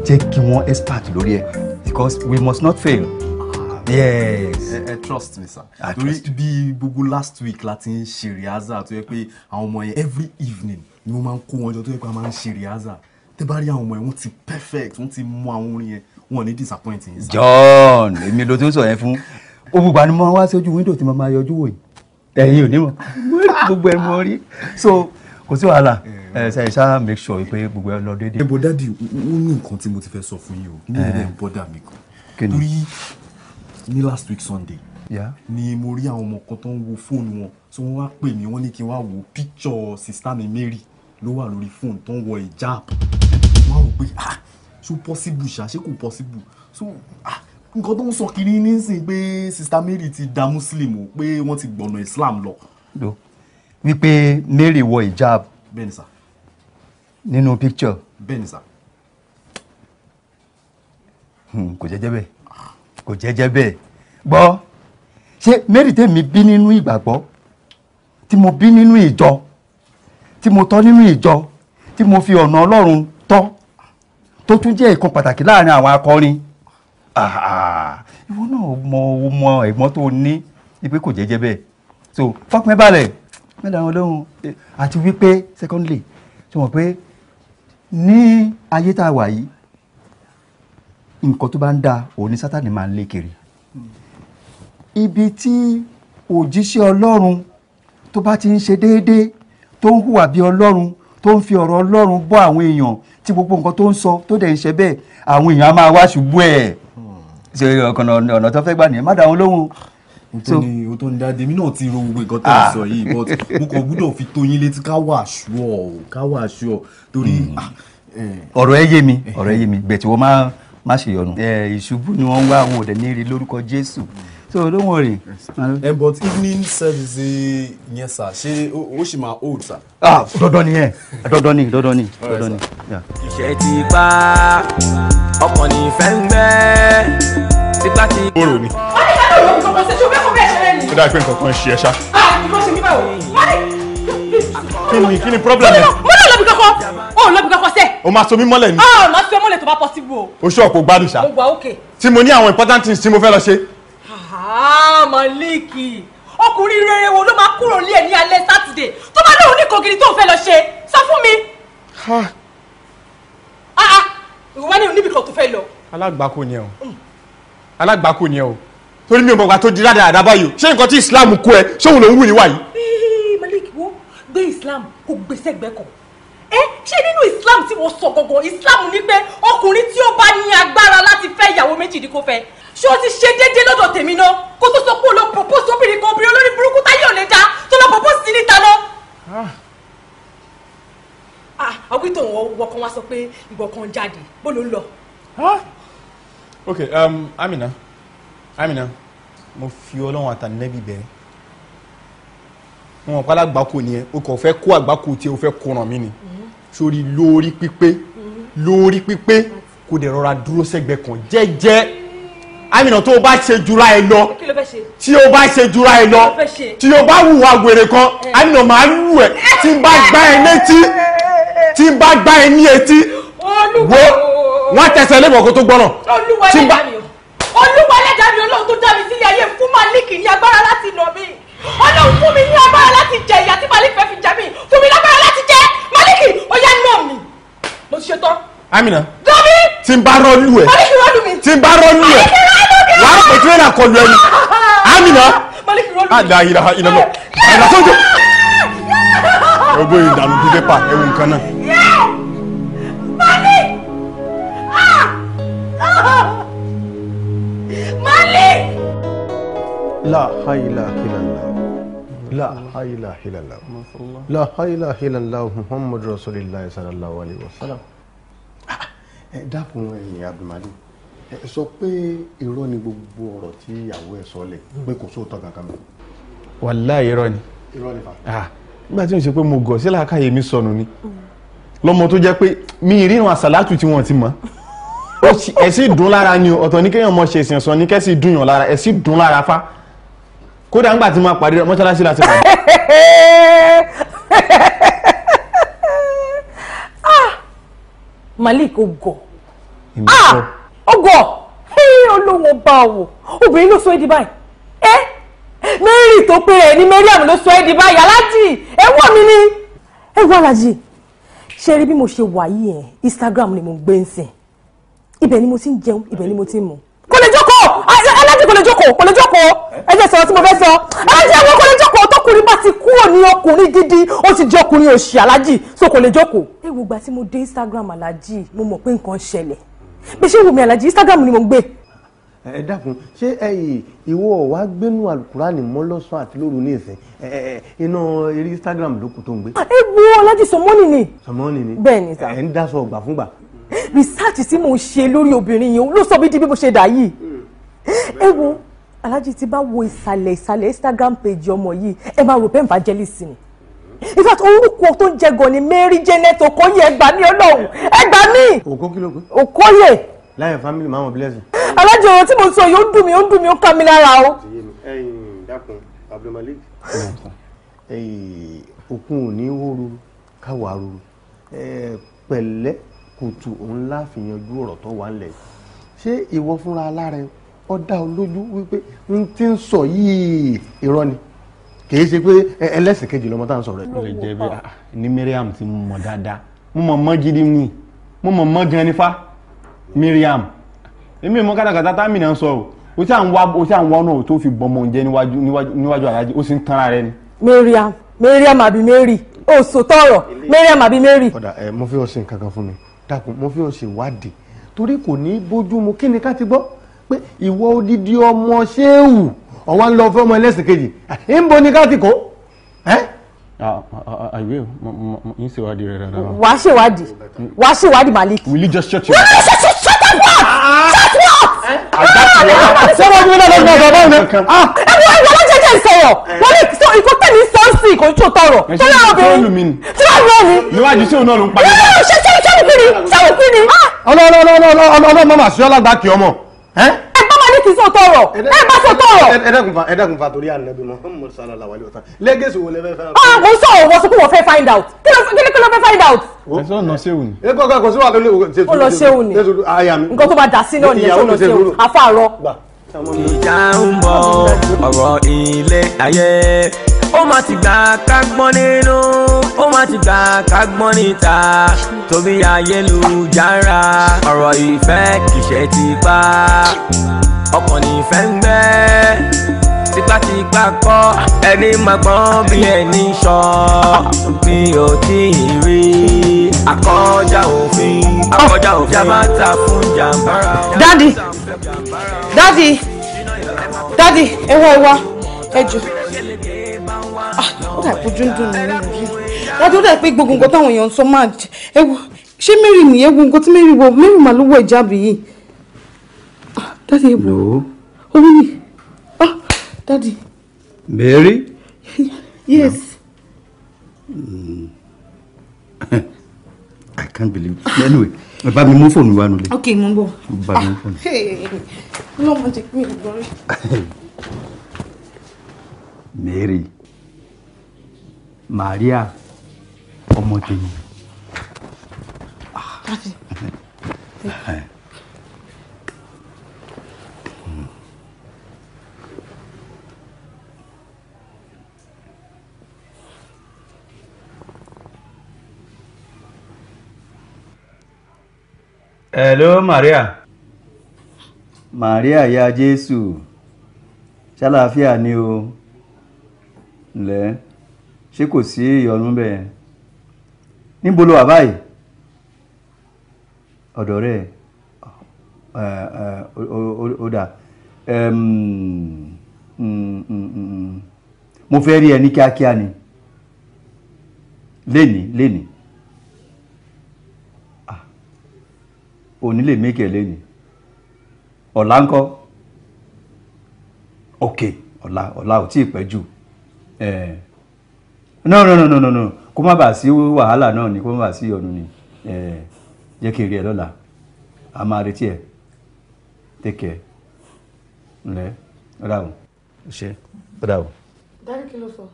jẹ́ kí wọ́n expert lórí ẹ̀ because we must not fail. Ah, yes. Ẹ ẹ trust me sir. Torí bí gbogbo last week la ti ń ṣe rehearsal tó yẹ pé àwọn ọmọ yẹn every evening ni wọ́n máa ń kó wọn jọ tó yẹ pé a máa ń ṣe rehearsal. Tẹ́ bá rí àwọn ọmọ yẹn wọ́n ti perfect wọ́n ti mú àwọn orin yẹn wọn ní disappoint yín John èmi ló tún sọ yẹn fún. Òbúgba ni mo wá sójú window tí mo máa yọjú wò yìí. Ẹ̀yin ò ní mọ̀. Gbogbo ẹ̀ mo rí. So kò sí wàhálà ẹ eh, eh. eh, ṣe ṣá make sure pé gbogbo ẹ lọ déédéé. ẹ bọ dáàdi ó ní nǹkan tí mo ti fẹ́ sọ fún yín o ní ìrẹ̀lẹ̀ bọ́dà mi kan torí ní last week sunday ni mo rí àwọn ọmọ kan tó ń wo fóònù wọn tí wọ́n wá pè mí wọ́n ní kí n wá wo picture sista mi Mary ló wà lórí fóònù tó ń wọ hijab wọ́n á pé ah so possible ṣá ṣé kò possible so ah nǹkan tó ń sọ kiri nísìnyí pé sista Mary ti da muslim o pé wọ́n ti gbọ̀nà islam lọ wípé Mary wọ hijab bẹ́ẹ̀ni sà nínú picture bẹ́ẹ̀ni sà hmm, kò jẹ́jẹ́ bẹ́ẹ̀ kò jẹ́jẹ́ bẹ́ẹ̀ gbọ́ ṣé Mary tèmi bí nínú ìgbàgbọ́ tí mo bí nínú ìjọ tí mo tọ́ nínú ìjọ tí mo fi ọ̀nà Ọlọ́run tọ́ tó tún jẹ́ ìkan pàtàkì láàrin àwọn akọrin ìwọ náà mọ ọmọ ẹ̀gbọ́n tó ní ipe kò jẹ́jẹ́ bẹ́ẹ̀ so fọkùnrin balẹ̀ mẹ́ta àwọn olóhùn eh, àti wípé secondly ṣe mọ̀ pé ní ayé tá a wà yìí nǹkan tó bá ń da òun ni sátani máa ń lé kiri ibi tí òjíṣẹ́ ọlọ́run tó bá ti ń ṣe déédéé tó ń hùwà bí ọlọ́run tó ń fi ọ̀rọ̀ ọlọ́run bọ́ àwọn èèyàn tí gbogbo nǹkan tó ń sọ tó dẹ̀ ń ṣe bẹ́ẹ̀ àwọn èèyàn á máa wá ṣubú ẹ̀ hmm. ṣe ọ̀nà tó fẹ́ gbà nìyẹn má dá wọn lóhùn so o tó ní dáadé mi náà ti ro gbogbo nǹkan tó ń ah. sọ yìí but mo kàn gbúdọ̀ fi tó létí ká wà ṣùọ ká wà ṣùọ torí. Hmm. Ah, eh. ọ̀rọ̀ ẹ yé mi eh. ọ̀rọ̀ ẹ yé mi bẹ̀tì wọ́n má ṣe yọnu. Hmm. Eh, ìṣubú ni wọ́n ń wá àwọn òde ní rí lórúkọ Jésù hmm. so don't worry. ẹ but evening service yẹn sà ṣé ó sì máa hold sà. Ah, dandan ni yẹn dandan ni dandan ni dandan ni. ìṣe ti pa ọkàn ní fẹ́ ń gbẹ́ tipátipá ọ̀rọ̀ ṣe ṣe fẹ́kọ̀ọ́ bẹ́ẹ̀ ṣẹlẹ̀ ni. ó dáa pé nǹkan kan ṣe ẹ ṣá. kí ni kí ni problem ẹ. mo náà lọ́bi kankan o ò lọ́bi kankan sẹ́. o máa so mí mọ́lẹ̀ ni. ọ ah, máa so mọ́lẹ̀ tó bá possible o. o ṣe ọ̀pọ̀ gbádùn ṣá. mo gbà ókè. tí mo ní àwọn important things tí mo fẹ́ lọ ṣe. Ah, Maliki ọkùnrin rere wo ló máa kúrò lé ẹ ní alẹ́ sátidé tó bá lóun ní kògiri tó fẹ́ lọ ṣe sọ fún mi. Ah, ìwọ wá ní oníbìkan tó fẹ́ lọ. alágbàkú ni ẹ o alágbàkú ni ẹ o torí mi ò mọ̀gbà tó di rádaràdà báyìí ṣé nǹkan tí islam kú ẹ ṣóun ló ń wù níwá yìí. malik wo gbé islam kò gbèsè gbẹ́kọ̀ ẹ ṣé nínú islam tí mo sọ gangan islam ní pé ọkùnrin tí ó bá ní agbára láti fẹ́ ìyàwó méjì ni kò fẹ́ ṣé o ti ṣe déédéé lọ́dọ̀ tèmi náà kó tó sọ pé o lọ propose obìnrin kan obìnrin olórí burúkú táyé ò lè dá tó lọ propose sí níta lọ. ọgbìtàn wọkàn wa sọ pé ìgbọ̀kan jáde bó ló ń lọ. Ah. ok um, Amina amina mo fi ọlọ́run àtànẹ́bí bẹ̀rẹ̀ wọn kọ́ alágbákò ni ẹ o kò fẹ́ kó àgbákò tí o fẹ́ kó ràn mí ni sórí lórí pípé lórí pípé kò dẹ̀ rọra dúró sẹ́gbẹ̀ẹ́ kan jẹ́jẹ́ amina tó o bá ṣe jura ẹ lọ tí o bá ṣe jura ẹ lọ tí o bá wùwà wèrè kan amina máa ń wù ẹ tí n bá gbá ẹ létí tí n bá gbá ẹ ní etí wo wọn tẹsẹ̀ kó tó gbọ́ràn tí n mi ọlọ́run tó dá mi sílé ayé fún malik ní agbára láti nà mí ọlọ́run fún mi ní agbára láti jẹ ìyà tí malik fẹ́ fi jẹ mí fún mi lágbára láti jẹ malik ó yá nà mí mo ṣe tán. amina dọ́bí. tí n bá rọ́ọ̀lù ẹ̀ malik rọ́ọ̀lù mi tí n bá rọ́ọ̀lù ẹ̀ wà á pè tírélà kọlu ẹni amina malik rọ́ọ̀lù mi àdá ìlà ìlànà tó ń jẹ. ẹ gbé dídé pa ẹwù nǹkan náà. La haila hilallah. La لا hilallah. لا haila hilallah Muhammad Rasulillah sallallahu alayhi wa sallam. Ẹ dákun ẹ̀yìn Abdulmadi. Ẹ sọ pé irọ́ ni gbogbo ọ̀rọ̀ tí ìyàwó ẹ̀ sọ lẹ̀ pé kò sóòótọ́ kankan mọ́. Wàláì irọ́ ni. Irọ́ ni fa. Nígbà tí mo ṣe pé mo gọ̀ sí làákàyè mi sọnù ni. Lọ́mọ tó jẹ́ pé mi ìrírun àsàlátù tí wọ́n ti mọ̀ ẹ sì dùn lára ni ọ̀tọ̀ ní kéèyàn mọ̀ ṣe ìsìn ọ̀sán ní kẹ́sì dùn yàn lára ẹ sì dùn lára fa kódà ńgbà tí mo pàdé mọ́ṣáláṣí láti pàdé. Ah! Malik ogọ ogọ olówó bá wò obìnrin ló sọ ẹ́ di báyìí ẹ́ mary tó pé ẹ ní mariam ló sọ ẹ́ di báyìí aláàjì ẹ wọ mi ni. ẹ wọ aláàjì ṣe rí bí mo ṣe wà yìí ẹ Instagram ni mo gbé ń sìn ibẹ̀ ni mo ti ń jẹun ibẹ̀ ni mo ti ń mu kò lè jókòó aláàjì kò lè jókòó kò lè jókòó ẹ jẹ́ sọ̀rọ̀ tí mo fẹ́ sọ aláàjì àwọn kò lè jókòó tọkùnrin bá ti kúrò ní ọkùnrin gidi ó ti di ọkùnrin òṣì aláàjì so kò lè jókòó. ẹ wo ìgbà tí mo dé Instagram aláàjì mo mọ̀ pé nǹkan ṣẹlẹ̀ bí ṣé wù mí aláàjì Instagram ni mo ń gbé ẹ dákun ṣé ẹyìn ìwọ wàá gbénú alukurani mọ lọ́sàn àti lóru ní ìsìn iná eré Instagram ló kù tó ń gbé. ẹ wo aláàjì sọmọ́nì ni. sọmọ́nì ni bẹ́ẹ̀ ni sà. ẹ ń dáṣọ ọgbà fúngbà research tí mò ń ṣe lórí obìnrin yìí ló sọ mí di bí mo ṣe dà yìí ẹ wo alájí ti bá wo ìsàlẹ̀ ìsàlẹ̀ instagram page ọmọ yìí ẹ máa rò bẹ́ẹ̀ ń bá jẹ́lísì ni in fact orúkọ tó ń jẹ gan ni Mary Janet Okoye ẹgbà ní Ọlọ́run ẹgbà ní. òkó kí ló pé. Okoye. láyọ̀ family máa wọ bílẹ̀sì. alájọ ọ̀rọ̀ tí mo sọ yóò dùn mí ó dùn mí ó kàn mí lára o. ẹyin dákun abdulmalik. okun ò ní wóoru káwa ruru pẹ̀lẹ́ kùtù òun láàfin yanjú ọ̀rọ̀ tó wà ńlẹ̀ ṣé ìwọ fúnra alára ọ dá ọ lójú wípé n ti ń sọ yìí irọ́ ni kì í ṣe pé ẹlẹ́sìn kejì lọ́mọ tá à ń sọ̀rọ̀ ẹ̀. ó lè jẹ́ bí ah, ní Mariam ti mọ̀ dáadáa mo mọ̀ mọ́ gidi ni mo mọ̀ mọ́ gan nífa Mariam èmi mọ kátàkátà támì náà ń sọ o o ti à ń wá o ti à ń wá ọ̀nà tó fi bọmọ oúnjẹ níwájú níwájú aláàjì ó sì ń tanra rẹ ni. Mariam Mariam àbí Mary ó sòtọ̀ ọ̀rọ̀ Mariam àbí Mary. ọ̀dà ẹ mo fi ọ̀sìn kankan fún mi dàpọ̀ mo fi hàn ṣèwádìí torí kò ní bójú mu kí ni ká ti gbọ́ pé ìwọ odidi ọmọ ṣéwù ọwọ́ ń lọ fẹ́ ọmọ ẹlẹ́sìn kejì ń bo ni ká ti kó. àìwé o yín ṣèwádìí rẹ dáadáa. wà á ṣèwádìí wà á ṣèwádìí Malik. will you just shut your mouth. will you just shut up mouth shut mouth. àgbà tí wọ́n. sọ́wọ́n mi náà lọ́dún ọ̀dọ́ báyìí. ẹ bí wọ́n ń gbọ́ lọ́jọ́ jẹ́ ìsọ̀rọ̀ Malik ìkó tẹ̀lé sọ́ọ̀sì kò tó tọrọ tó lọ́wọ́ obìnrin tí wọ́n lọ́ mi. níwájú sí òun náà ló ń parí. yóò ṣe sẹ́wọ́n sẹ́wọ́n kí ni sẹ́wọ́n kí ni. Ah! ọlọ́ọ̀lọ́ọ̀lọ́ọ̀lọ́ mama sí ọlọ́gbà kí ọmọ. ẹ bá wa ní ti sọ tọrọ ẹ bá sọ tọrọ. ẹ fa torí ànábì Muhammad sallallahu alaihi wasallam lẹ́gẹ̀ẹ́sì wo lẹ fẹ́ fẹ́. Ah, ọ̀hún kò ìjà ń bọ̀ ọ̀rọ̀ ilé ayé ó máa ti gbà ká gbọ́n nínú ó máa ti gbà ká gbọ́n níta tóbi ayélujára ọ̀rọ̀ ìfẹ́ kìṣẹ́ ti pa ọkàn nífẹ̀ ń gbẹ́ tipátipá kọ́ ẹni máa bí ẹni sọ mi ò tí rí i akọjá òfin oh. akọjá òfin jabata fún jàmbára. dadi dadi dadi ewa ewa ah, ẹjọ ó dà pé dundun ní ìlú yìí dadi ó dà pé gbogbo nǹkan táwọn èèyàn ń sọ máa jẹ ewu ṣé mary nìyẹn wo nǹkan tí mary wọ mary mà ló wọ ìjáàbù yìí dadi ewu òun ni ah, dadi. mary. yes. No. Mm can't believe it anyway ẹ bá move mú We are nulẹ̀. ok mo ń move bá ah, Hey, no fóònù. náà mo ti pín ìgbọ́ rẹ. Mary Maria ọmọ tèmi. Ah, hello Maria. Maria ya Jésù ṣàlàáfíà ni o ǹlẹ́ ṣé kò sí ìyọnu bẹ́ẹ̀ níbo lo wà báyìí ọ̀dọ̀ rẹ̀ ó dà mm, mm, mm, mo fẹ́ rí ẹ ní kíákíá ni lénìí lénìí òní lè mékè lẹ́nu ọ̀la ńkọ́ òkè ọ̀la ọ̀la ò tí ì pẹ́ jù no no no no no kó má bàa sí wàhálà náà ni kó má bàa sí ọ̀nù ni jẹ́ kí n rí ẹ lọ́la a máa retí ẹ take care ǹlẹ́ ọ̀dà o ṣe ọ̀dà o. dárí kí ló sọ.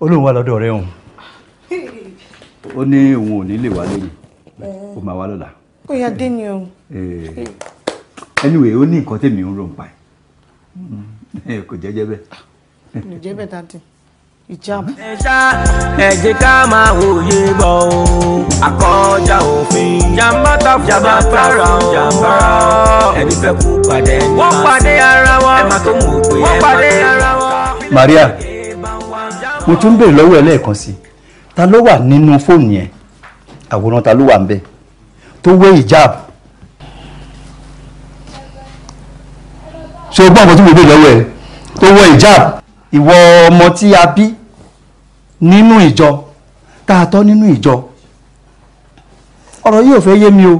ó lóun lọ́dọ̀ ọ̀rẹ́ òun ó ní òun ò ní lè wá lónìí ó máa wá lọ́la kò yá dé ni o. Eh. anyway ó ní nǹkan tèmi ń rò ń pa ẹ kò jẹ́jẹ́ bẹ́ẹ̀. kò jẹ́ bẹ́ẹ̀ dáàdì ìjáàbù. ẹ jẹ́ ká máa wòye bọ̀ o àkọjá òfin jàmbá ta jàmbá para o jàmbá ẹni fẹ́ kú pàdé ẹni máa sọ wọ́n pàdé ara wọn ẹ máa tó mọ̀ pé wọ́n pàdé ara wọn. Maria mo tún béèrè lọ́wọ́ ẹ lẹ́ẹ̀kan sí ta ló wà nínú fóònù yẹn àwòrán ta ló wà ń bẹ́ẹ̀ tó wé hijab ṣe o gbọ́ nǹkan tí mo gbé lọ́wọ́ ẹ̀ tó wé hijab ìwọ ọmọ tí a bí nínú ìjọ tá a tọ́ nínú ìjọ ọ̀rọ̀ yìí ò fẹ́ yé mi o.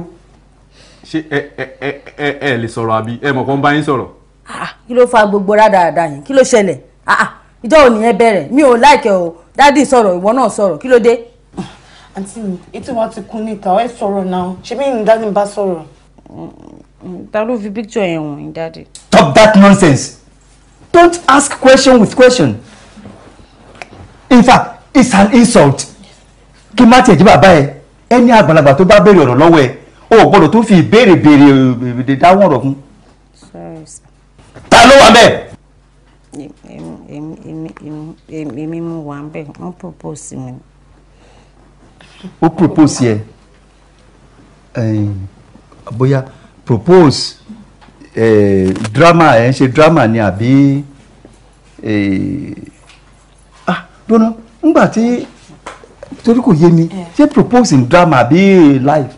ṣé ẹ ẹ ẹ ẹ lè sọ̀rọ̀ àbí ẹ mọ̀ kàn bá yín sọ̀rọ̀. Ah, ah, kí ló fa gbogbo rádaràda yẹn kí ló ṣẹlẹ̀ ah, ìjọ ò nìyẹn bẹ̀rẹ̀ mi ò láìkẹ́ o dádì sọ̀rọ̀ ìwọ náà sọ̀rọ̀ kí ló dé àǹtí mi etí wa ti kún níta ẹ sọ̀rọ̀ náà ṣé bí ní dáàdì ń bá sọ̀rọ̀. ta ló fi picture yẹn wọ̀n yín dáàdì. stop that nonsense don't ask question with question in fact it's an insult kí má tiẹ̀ jí bàbá ẹ ẹni àgbàlagbà tó bá béèrè ọ̀rọ̀ lọ́wọ́ ẹ o gbọ́dọ̀ tó fi ìbéèrè béèrè eh, dáwọ́ ọ̀rọ̀ fún. ta ló wà bẹ́ẹ̀ èmi èmi èmi èmi mú wa ń bẹ̀ wọ́n propose mi ó propose yẹ bóyá propose eh, drama ẹ̀ ń ṣe drama ni àbí eh, ah dọ́nà ńgbà tí torí kò yé mi ṣé propose in drama àbí live.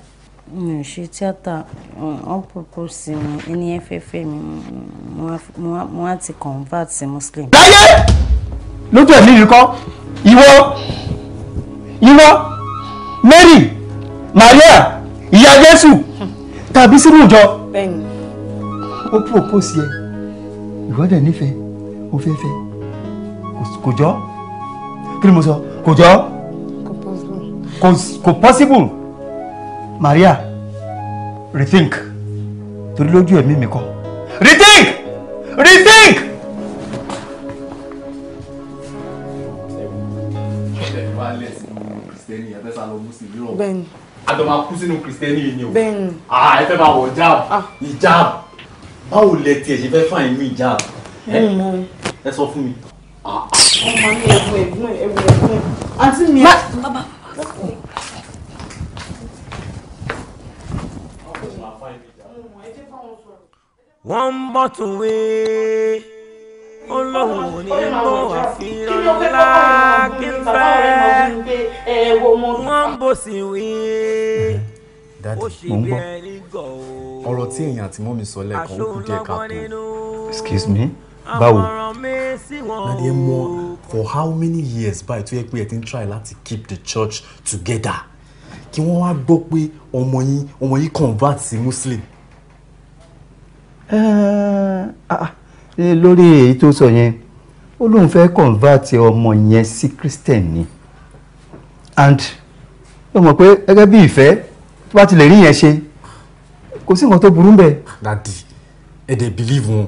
mi ò ṣe tíátà wọn propose mi ẹni ẹ fẹ́ fẹ́ mi mo wá ti convert sí muslim. láyé lójú ẹ̀ nílùú kan ìwọ ìwọ. Mary Maria ìyá Jésù tàbí sínú ìjọ ó propose ẹ ìwọ́dẹ̀ nífẹ̀ẹ́ ó fẹ́ fẹ́ kò jọ́ kí ni mo sọ kò jọ́ kò possible Maria rethink torí lójú ẹ̀mí mi kọ́ rethink rethink. kristẹni ẹ fẹ́ sá lọ muslim rọ àjọ máa kú yìí ni o ẹ fẹ́ máa wọ jab ah. ìjab báwo lẹ tiẹ̀ ṣe fẹ́ fàìn mí ìjab ẹ sọ fún mi. One bottle away olóhùn ní mọ àfihàn ńlá kí n fẹ́ wọ́n ń bò sí wí. dadi mo ń gbọ́ ọ̀rọ̀ tí èèyàn àti mọ́mi sọ lẹ́ẹ̀kan ó kù díẹ̀ káàtó excuse me báwo. dadi ẹ mọ for how many years báyìí tó yẹ pé ẹ ti ń try láti keep the church together kí wọ́n wá gbọ́ pé ọmọ yín ọmọ yín convert sí muslim. Uh, uh, uh lórí èyí tó sọ yẹn ó lóun fẹ́ convert ọmọ yẹn sí christian ni and ó mọ̀ pé gẹ́gẹ́ bí ìfẹ́ tó bá ti lè rí yẹn ṣe kò sí nǹkan tó burú bẹ́ẹ̀. dadi ẹ dẹ̀ believe wọn.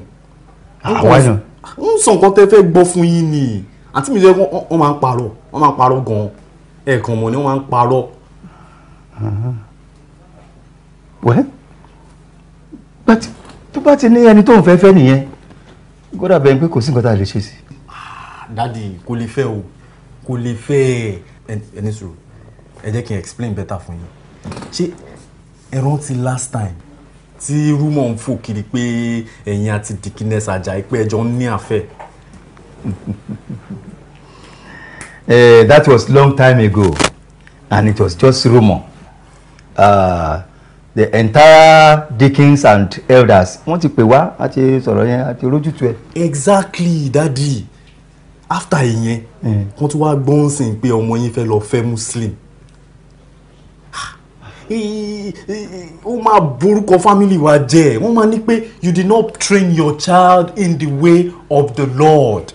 àwa náà. ń sọ nǹkan tẹ́ fẹ́ gbọ́ fún yín ni àti mi jẹ́ wọ́n máa ń parọ́ wọ́n máa ń parọ́ gan-an ẹ̀ẹ̀kan ni wọ́n máa ń parọ́. wẹ́ẹ́ tó bá ti ní ẹni tó ń fẹ́ fẹ́ nìyẹn gbọ́dọ̀ bẹ́ẹ̀ pé kò sí nǹkan tá a lè ṣe sí. Ah, dadi kò lè fẹ́ o kò lè fẹ́ ẹni sùúrù ẹ jẹ́ kí n explain better fún yín ṣé ẹ rántí last time tí rumor ń fò kiri pé ẹ̀yin àti dikines Àjàyí pé ẹjọ́ ń ní àfẹ́. Eh, that was long time ago and it was just rumor. Uh, the entire deacons and elders wọ́n ti pè wá a sọ̀rọ̀ yẹn a ti ẹ̀. exactly dadi after ìyẹn hmm. wọ́n tún wá gbọ́n sìn pé ọmọ yín fẹ́ lọ fẹ́ muslim ah, ó máa borúkọ family wa jẹ́ wọ́n máa ní pé you did not train your child in the way of the lord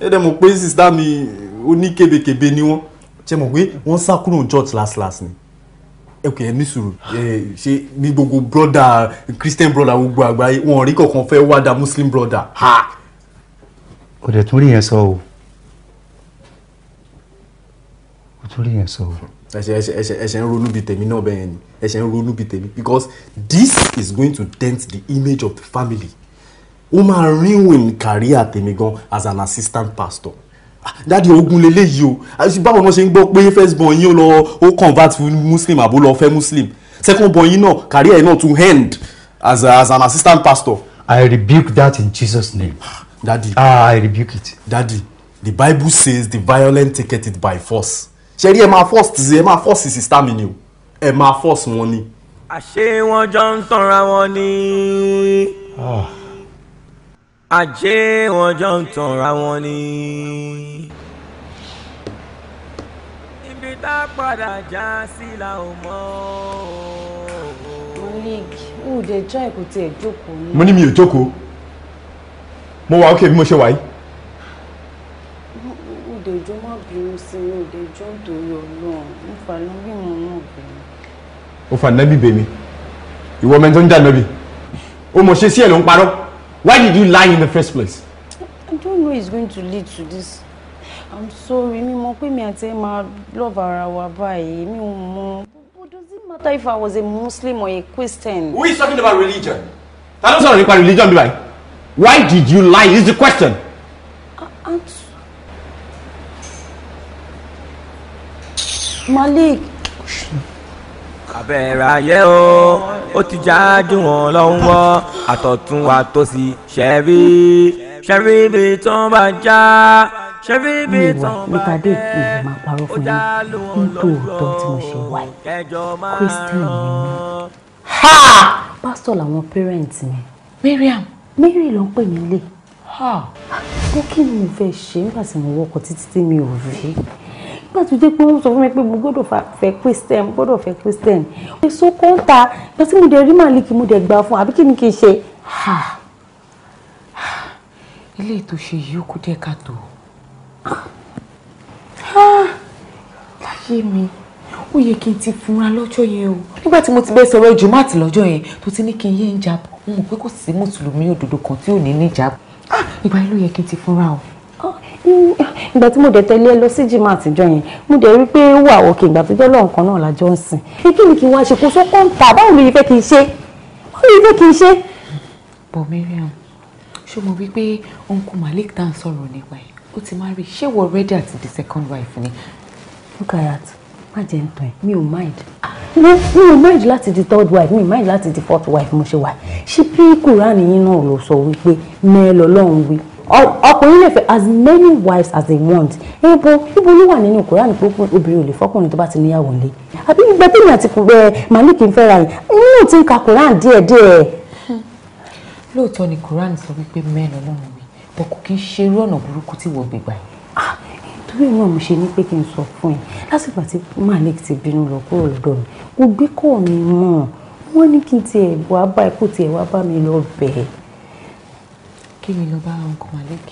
ẹ dẹ̀ mọ̀ pé sísá mi oníkebèkebè ni wọ́n ṣe mọ̀ pé wọ́n sá kúrò church last last ni ẹkùn yẹn ní sùúrù ṣe ní gbogbo broda christian broda gbogbo àgbáyé wọn rí kankan fẹ́ wá da muslim broda ha. kò dẹ̀ tún rí yẹn sọ o kò tún rí yẹn sọ o. ẹsẹ̀ ẹsẹ̀ ẹsẹ̀ ẹsẹ̀ ń ronú bíi tèmi náà bẹ́ẹ̀ ni ẹsẹ̀ ń ronú bíi tèmi because this is going to dent the image of the family ó máa ruin career tèmi gan as an assistant pastor dáàdi ogun leléyìí o báwo ni wọ́n ṣe ń gbọ́ pé first born yín ó lọ ó convert muslim àbó lọ fẹ́ muslim second born yín náà career yín náà to end as, a, as an assistant pastor. I rebuke that in Jesus name. Daddy. Ah, I rebuke it. Daddy, the Bible says the violent take it by force. Ṣé rí ẹ máa force ti ẹ máa force sister mi ni o. Ẹ máa force wọn ni. Àṣé wọ́n jọ ń tanra wọn ni. Ah àjẹ́ wọn jọ ń tanra wọn ni. ibi tá a padà já sí la ò mọ̀. malik ó dé já èkó tí ẹ jókòó ni. mo ní mi ò jókòó mo wà ókè bí mo ṣe wà yìí. ó dé jọ má bínú sí mi ó dé jọ nítorí Ọlọ́run mo fà nábì mo náà bẹ̀rẹ̀. ó fà nábì bèmí ìwọ mẹ́tọ́ ń jà nábì ó mọ̀ ṣe sí ẹ̀ ló ń parọ́. Why did you lie in the first place? I don't know it's going to lead to this. I'm sorry, mi mo pé mi àti ẹ máa love ara wa báyìí, mi ò mọ̀. But does it matter if I was a Muslim or a Christian? Who is talking about religion? Ta ló sọ̀rọ̀ nípa religion bí Why did you lie? Is the question. I, Malik abẹ́rẹ́ ayé o ó ti jáde wọn lọ́wọ́ àtọ̀tún wa tó sì ṣẹ́rí ṣẹ́rí ibi tí wọ́n bá já ṣẹ́rí ibi tí wọ́n bá bẹ́ẹ̀. ìwà nípa dé ìpè máa parọ́ fún yín nítòótọ́ tí mo ṣe wáyé christian ni mí pásítọ̀ làwọn pẹ́rẹ́ǹtì mi. mariam. mary ló ń pè mí lé. pé kí ni mo fẹ́ ṣe nígbà tí mo wọkọ̀ títí tí mi ò rí nígbà tó jẹ́ pé wọ́n sọ fún mi pé mo gbọ́dọ̀ fẹ́ Christian gbọ́dọ̀ fẹ́ Christian èso kọ́ńtà pé tí mo dẹ̀ rí màlíkì mo dẹ̀ gbà fún àbí kí ni kì í ṣe. ilé ètò ṣe yìí ó kú díẹ̀ káàtó láyé mi ó yẹ kí n ti funra lọ́jọ́ yẹn o nígbà tí mo ti bẹ́ẹ̀ sọ̀rọ̀ ìjùmọ̀àtì lọ́jọ́ yẹn tó ti ní kí n yé ń jábọ̀ mo mọ̀ pé kò sí mùsùlùmí òdodo kan tí ò ní ní jábọ̀ ah! ìgbà yẹn ló yẹ kí n ti funra o ìgbà tí mo dẹ̀ tẹ̀lé ẹ lọ sí jimá àtijọ́ yẹn mo dẹ̀ rí pé ó wà òkè ìgbà tó jẹ́ lọ́run kan náà lájọ́ ń sìn pé kí ni kí n wá ṣe kó sọ kọ́ńtà báwo ló yẹ fẹ́ kí n ṣe báwo ló yẹ fẹ́ kí n ṣe. bọ̀ Mariam ṣé mo wí pé uncle Malik tá à ń sọ̀rọ̀ nípa ẹ̀ ó ti máa rí ṣé wọ́n ready àti the second wife ni. look at that má jẹ́ ń tàn ẹ́ mi ò mind mi ò mind láti di third wife mi ò mind láti di fourth wife mo ṣe wà ṣé bí kùránì yín náà ló sọ wípé mẹ́ẹ̀ lọ́lọ́run wí ọkùnrin lè fẹ́ as many wives as they want ibo ibo ló wà nínú koran pé obìnrin ò lè fọkùnrin tó bá ti níyàwó nílé àbí ìgbà tèmi àti malik ń fẹ́ra yìí mi ò ti ń ka koran díẹ̀díẹ̀. lóòótọ́ ni koran sọ wípé mẹ́rin ọlọ́run mi bọ́ kò kí ń ṣe irú ọ̀nà burúkú tí wọ́n gbégbá yìí. Ah, torí náà mo ṣe ní pé kí n sọ fún ẹ lásìkò àti malik ti bínú lọ kúrò lọ́dọ̀ mi kò gbé kọ́ mi mọ́ wọ́n ní kí n tiẹ̀ wá bá ẹ kó tiẹ̀ wá bá mi lọ bẹ̀ẹ́ kémi lọ bá ọkọ Malik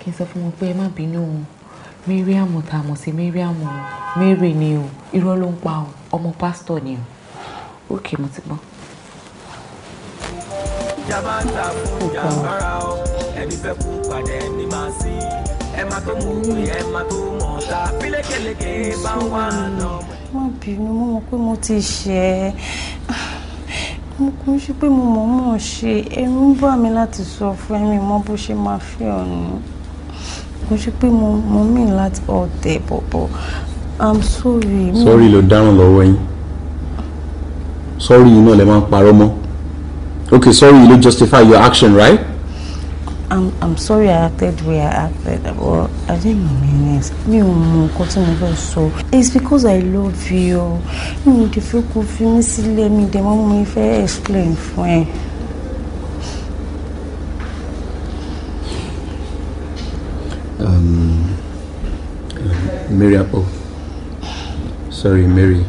kí n sọ fún wọn pé ẹ má bínú o Mariam tá a mọ̀ sí Mariam o Mary ni o irọ́ ló ń pa o ọmọ pásítọ̀ ni o òkè mo ti gbọ́. jábá ń ta fún jàǹbára o ẹbí fẹ́ kú pàdé ní màá sí ẹ má tó mú ẹ má tó mọ̀ ta pílékeleke bá wà náà. má bínú mo mọ̀ pé mo ti ṣe é mo kò ń ṣe pé mo mọ̀ mọ̀ ṣe ẹ̀rù ń bà mí láti sọ fún ẹ̀mí mọ́ bó ṣe máa fẹ́ ọ̀nà kò ṣe pé mo mọ̀ mí láti ọ̀tẹ̀ bọ̀bọ̀ i'm sorry. sorry ló dáhùn lọ́wọ́ yín sorry iná lè máa ń parọ́ mọ́ okay sorry ló justify your action right. i'm i'm sorry i acted the way i acted. Well, I don't mean it. Mi ò mọ nǹkan tí mo fẹ́ It's because I love you. Mi ò dé fẹ́ kó fi mí Let me, dẹ̀ mọ́ mo fẹ́ explain for ẹ. um, Mary Apple. Sorry, Mary.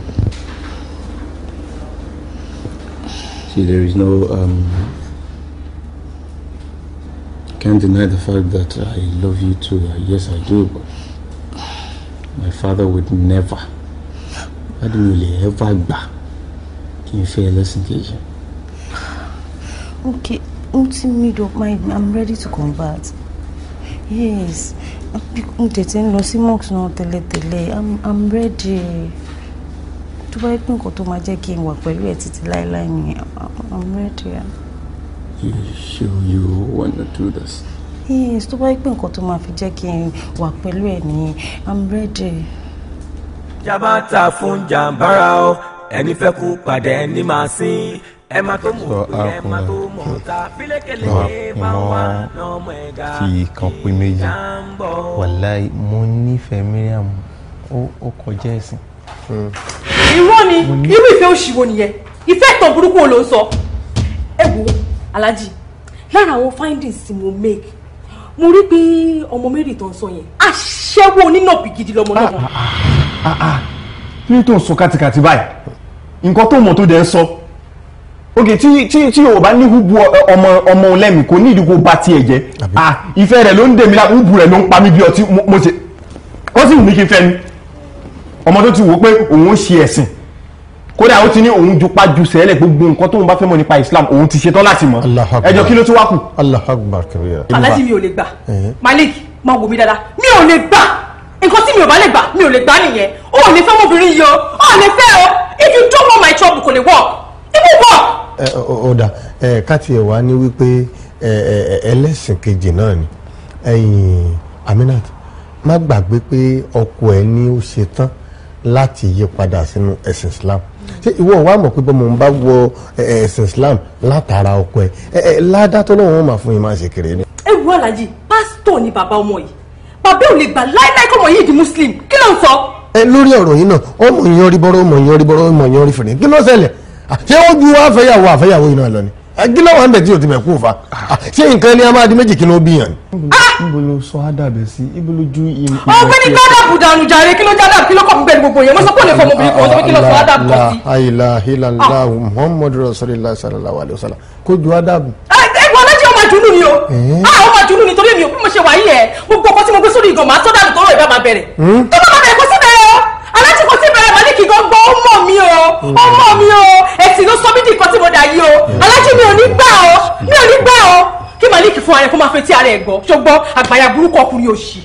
See, there is no um, can't deny the fact that I love you too. Uh, yes, I do, but my father would never, I don't really ever gbà kí n fẹ́ lẹ́sìn kejì. Okay, until mid of my I'm ready to convert. Yes, n tètè ń lọ sí mosque náà tẹ́lẹ̀tẹ́lẹ̀ I'm I'm ready. tó bá yẹ pé nǹkan tó máa jẹ́ kí n wà pẹ̀lú ẹ̀ títí I'm ready show you wanna do this. yes tó bá yẹ pé nǹkan tó máa fi jẹ́ kí n wà pẹ̀lú ẹ̀ nìyẹn i'm ready. jabata fún jàǹbára o ẹni fẹ́ kú padà ẹni máa sín ẹ máa tó mọ̀ ọ́ ẹ máa tó mọ̀ ọ́ ta bílẹ̀kẹ̀lẹ̀ bá wà lọ́mọ ẹ̀dá fi kan pé méjì wàláì mo nífẹ̀ẹ́ Mariam ó kọjá ẹ̀sìn. Hmm. irọ́ ni irú ìfẹ́ òṣìwò nìyẹn ìfẹ́ ìtàn burúkú wo ló ń sọ. Alaji, lára àwọn findings tí mo make mo rí pé ọmọ mary tó ń sọ yẹn aṣẹ́wó onínàbì gidi lọmọ náà. Ah, ah, ah, kí ni tó ń sọ kátikàti báyìí nǹkan tó mọ̀ tó dẹ̀ ń sọ ok tí tí tí o bá ní hubu ọmọ ọmọ ọlẹ́mì kò ní ìdíkò bá tiẹ̀ jẹ́ ah ìfẹ́ rẹ̀ ló ń dèmí láti hubu rẹ̀ ló ń pa mí bí ọtí mo ṣe ó sì kí n fẹ́ mi ọmọ tó ti wò pé òun ń ṣe ẹ̀sìn kódà ó ti ní òun ju pájú sẹ́lẹ̀ gbogbo nǹkan tóun bá fẹ́ mọ̀ nípa Islam òun ti ṣetán láti mọ̀ ẹjọ́ kí ló tún wá kù. Allahu Akbar kiri. aláàjì mi ò lè gbà eh. Malik máa wò mí dáadáa mi ò lè gbà nǹkan tí mi ò bá lè gbà mi ò lè gbà nìyẹn o ò lè fẹ́ ọmọbìnrin yìí o o ò lè fẹ́ o if you don't want my trouble kò lè work ibu work. ẹ eh, ọ ọ̀dà ẹ eh, káti ẹ̀ wá ní wípé ẹlẹ́sìn kejì náà ni ẹ̀yin Aminat má gbàgbé pé ọkọ ẹ ní ó ṣetán láti yí padà sínú ẹ̀sìn Islam ṣé ìwọ wa mọ̀ pé bọ́ mo ń bá wọ ẹ̀sìn Islam látara ọkọ ẹ̀ ẹ̀ ládá tó lọ́wọ́ mà fún yín máa ṣe kéré ni. ẹ wo aláàjì pásítọ̀ ni bàbá ọmọ yìí bàbá ò lè gbà láíláí kọ́mọ yìí di muslim kí ló ń sọ. ẹ lórí ọ̀rọ̀ yìí náà ọmọ yẹn rí bọ́rọ̀ ọmọ yẹn rí bọ́rọ̀ ọmọ yẹn rí fèrè kí ló ṣẹlẹ̀ ṣé ó ju àfẹ́yàwó àfẹ́yàwó yìí náà lọ ni gílẹ̀ wà ń bẹ̀ tí o ti bẹ̀ kú fa ah. Ah, ṣé nǹkan ni a máa di méjì kí ló bí yàn. ibo ah! ló sọ àdàbẹ̀ sí ibo ló ju ìmọ̀ ìgbà tí. ọ̀gbẹ́ni gbàdàbù dànù jàre kí ló já dàbù kí ló kọ̀ bẹ́ẹ̀ gbogbo yẹn mo sọ pé o lè fọ ọmọbìnrin kan sọ pé kí ló sọ àdàbù kọ sí. àyìnlá àyìnlá àyìnlá muhammadu rasulillah sallallahu alayhi wa sallam kó ju àdàbù. ẹgbẹ́ ọlọ́jì ọmọ àjùnú ni o ọmọ eh? àjùnú ni torí mi O bí mo ṣe wà yìí ẹ gbogbo ọkọ tí mo gbé sórí ìgàn máa tọ́ dànù tó rọ̀ ìbá máa bẹ̀rẹ̀ hmm? tó bá máa bẹ̀rẹ̀ o aláṣẹ kó síbẹ̀ ẹ̀ mọ́ ní ó mọ̀ mí o ó hmm. mọ̀ mí o ẹ̀sìn ló sọ mí dìkan tí mo dà yí o hmm. alájí mi ò ní gbà o mi ò ní gbà o kí malik fún ara ẹ kó máa fetí ara ẹ gbọ́ ṣùgbọ́n àgbàyà burúkú ọkùnrin òṣì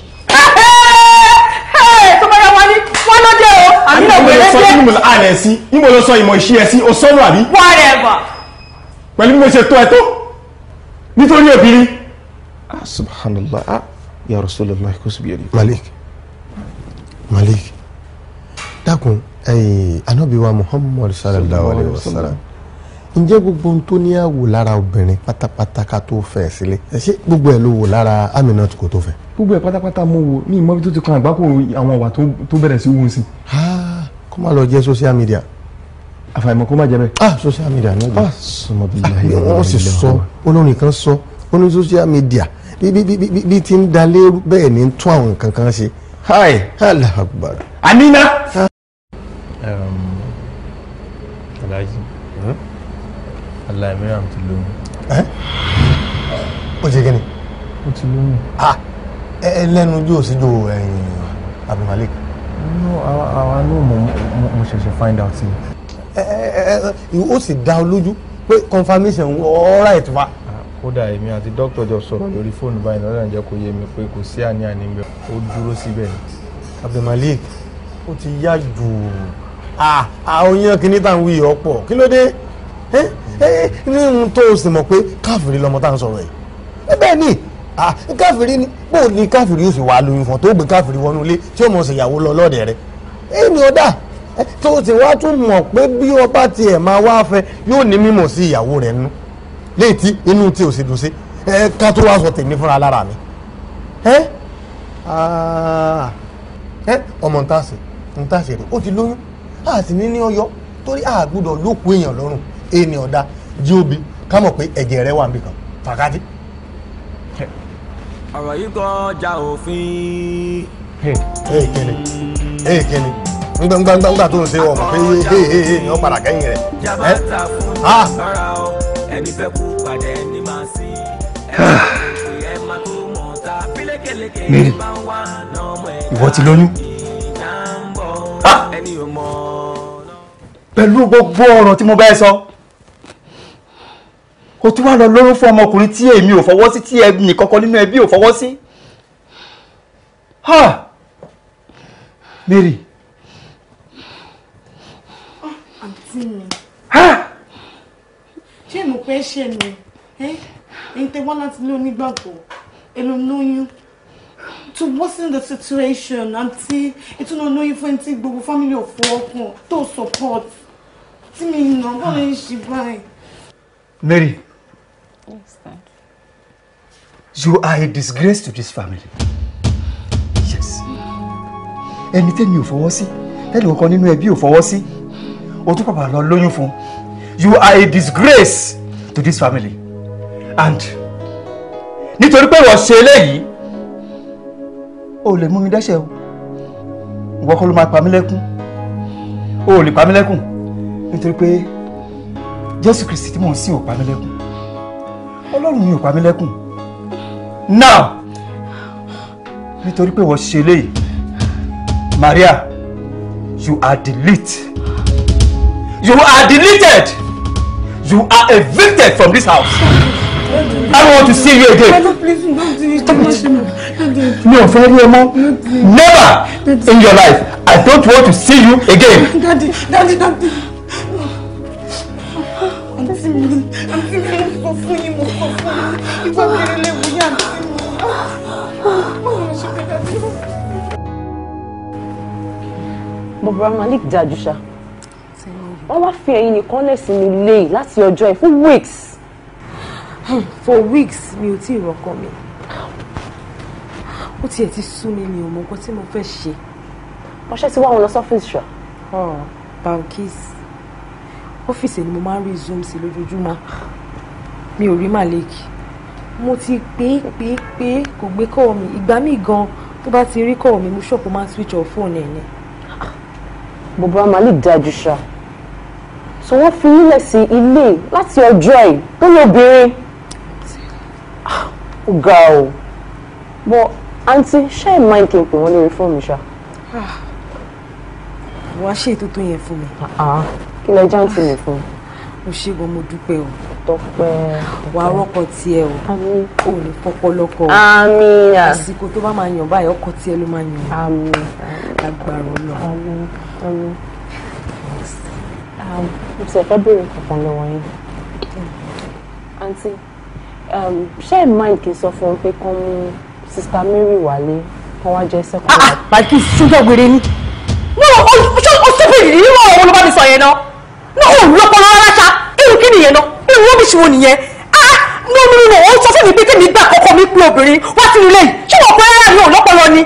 tó bá yà wá ní wọn lóde o àmì náà wẹrẹ jẹ. níbo ló sọ àlẹ sí níbo ló sọ ìmọ̀ ìṣe ẹ sí o sọ́nù àbí. wà á rẹ̀ bà. pẹ̀lú mo ṣe tó ẹ tó nítorí obìnrin. Ah, subhanallah ah, ya rasulullah kò síbi ẹni. malik malik dákun anábìwa muhammadu sallallahu alayhi wa sallam ǹjẹ́ gbogbo ohun tó ní àwò lára obìnrin pátápátá ká tó fẹ́ sílé ṣé gbogbo ẹ̀ ló wò lára amina kò tó fẹ́. gbogbo ẹ̀ pátápátá mo wò ní ìmọ̀ bí tó ti kan àgbákò àwọn ọ̀wà tó bẹ̀rẹ̀ sí wù sí. kó má lọ jẹ́ social media. àfàìmọ̀ kó má jẹ bẹ́ẹ̀. ah social media ní ọjọ́ ah, sọmọ bíi ìlànà wọn sì sọ olórin kan sọ ó social media bí ti ń dalé bẹ́ẹ̀ ni ń tún àwọn nǹkan kan ṣe. hi alahakubar. amina. Ah um, aláàjì aláì mìíràn ti lóyún. ó ti kí ni. ó ti lóyún. ẹ lẹ́nu ojú òsínjú ẹ̀yìn abdulmalik. no àwa ní mo mo ṣẹ̀ṣẹ̀ find out ni. ó sì dá ọ lójú pé confirmation all right wa. kódà ah, èmi àti dókítà jọ sọ̀rọ̀ lórí fóònù báyìí lọ́dọ̀ ìjẹ́ kó yé mi pé kò sí àní àní ń bẹ̀ ó dúró síbẹ̀. abdulmalik ó ti yá jù ú. àwọn yan kìíní tá à ń wí ọ̀pọ̀ kí ló dé ní ohun tó o sì mọ̀ pé lọmọ tá à ń sọ̀rọ̀ ni káfìrí ni bó ni káfìrí yóò fi wà lóyún fún ọ tó gbé káfìrí wọnú ìyàwó lọ lọ́ọ̀dẹ̀ tó ti wá tún mọ̀ pé bí ọba tiẹ̀ máa wá fẹ́ yóò ní mímọ̀ sí ìyàwó nú inú tí sì dùn sí ẹ ká tó wá sọ tèmi fúnra lára mi ẹ ọmọ rẹ ó ti lóyún àti ní ní ọyọ torí a gbọ́dọ̀ èèyàn lọ́rùn èmi jí obi ká mọ̀ pé ẹ̀jẹ̀ rẹ wà nbìkan òfin. ee kele ee kele ngbangbangba tó ń ṣe ọmọ pé ee ee ee padà jabata fún mi o ẹni pẹ̀lú gbogbo ọ̀rọ̀ tí mo bá ẹ sọ o tún wá lọ lóró fún ọmọkùnrin tí èmi ò fọwọ́ sí tí ẹnì kankan nínú ẹbí ò fọwọ́ sí ha Mary. Ah, àǹtí mi ṣé mo pẹ́ ṣe ni ẹ ń tẹ́ wọ́n láti lé onígbàgbọ́ èlò lóyún to worsen the situation àǹtí ìtúná lóyún fún ẹntì gbogbo family òfò ọkàn tó support tí mi nà bọ́ lè ṣe báyìí. Mary. Yes, You are a disgrace to this family. Yes. Ẹni tẹ́mi ò fọwọ́ sí, tẹ́lẹ̀ kankan nínú ẹbí ò fọwọ́ sí, o tún pàpà lọ lóyún fún. You are a disgrace to this family. And nítorí pé ìwọ ṣe eléyìí o lè mú mi dẹ́sẹ̀ o ìwọ kọ́ ló máa pa mí lẹ́kún o ò lè pa mí lẹ́kún nítorí pé Jésù Kristi tí mò ń sìn ò pa mí lẹ́kún Ọlọ́run mi ò pa mí lẹ́kún now nítorí pé wọ́n ṣe eléyìí Maria you are deleted you are deleted you are evicted from this house. I don't want to see you again. Please don't do it. No, ò fẹ́ rí ẹ Never in your life. I don't want to see you again. Daddy, daddy, daddy. Àǹtí mi, àǹtí mi mo sọ fún yín, mo sọ fún yín. Ìgbà kéré lè wú yá àǹtí mi. Báwo ṣe fẹ́ dájú? Bàbá Malik Dajusha, wọ́n wá fi ẹ̀yin nìkan lẹ̀ sínú ilé láti ọjọ́ ẹ̀ fún weeks. Hmm, for weeks mi ò tí ì rọkàn mi ó tiẹ̀ ti sú mi mi ò mọ nǹkan tí mo fẹ́ ṣe. ọṣẹ ti wá wọn lọ sọfíìsì ṣá. Hmm, Bankis ọ́fíìsì ni mo máa ń rí zoom sí lójoojúmọ́ mi ò rí Malik mo ti pè é pè é pè é kò gbé kọ́ mi ìgbà míì gan tó bá ti rí kọ́ mi mo ṣọ́ọ̀pù máa ń switch off fóònù ẹ̀ ni. bùbá Malik dájú ṣá tí wọ́n fi nílẹ̀ sí ilé láti ọjọ́ ẹ̀ tó lè béèrè ó ga o bọ àǹtí ṣé ẹ máa ń kí n pè wọ́n lórí fóònù ṣá. Ah, wàá ṣe ètò tó yẹn fún mi. Ah, kí lẹ jáǹtì mi fún. mo ṣe gan mo dúpẹ́ o. tọpẹ́. wàá rọ́kọ̀ tiẹ̀ o. àmín. o ní fọpọlọpọ. àmín. àsìkò tó bá máa yàn báyìí ọkọ tiẹ̀ ló máa yàn. àmín. agbára Ọlọ́run. àmín àmín. Ah, mo ti ẹ̀fẹ́ béèrè kankan lọ́wọ́ yín. àǹtí. Um, ṣé ẹ̀ máa ń kí n sọ fún un pé kán mú sista Mary wálé kán wá jẹ́ second ah, wife. bàtí ah, ṣúgbọ́n gbére ni. mo oh, oh, ṣe o ṣe bèrè nínú ọ̀rọ̀ olùbá mi sọ yẹn náà náà ò lọ́pọ̀ rárá ṣá irú kí nìyẹn náà irú wọ́n mi ṣe wo nìyẹn ah, no no no o sọ fún mi pé kí mi gbà kọ́kọ́ mi pé obìnrin wá sí ilé yìí ṣé wọ́n pẹ́ rárá mi ò lọ́pọ̀ lọ ni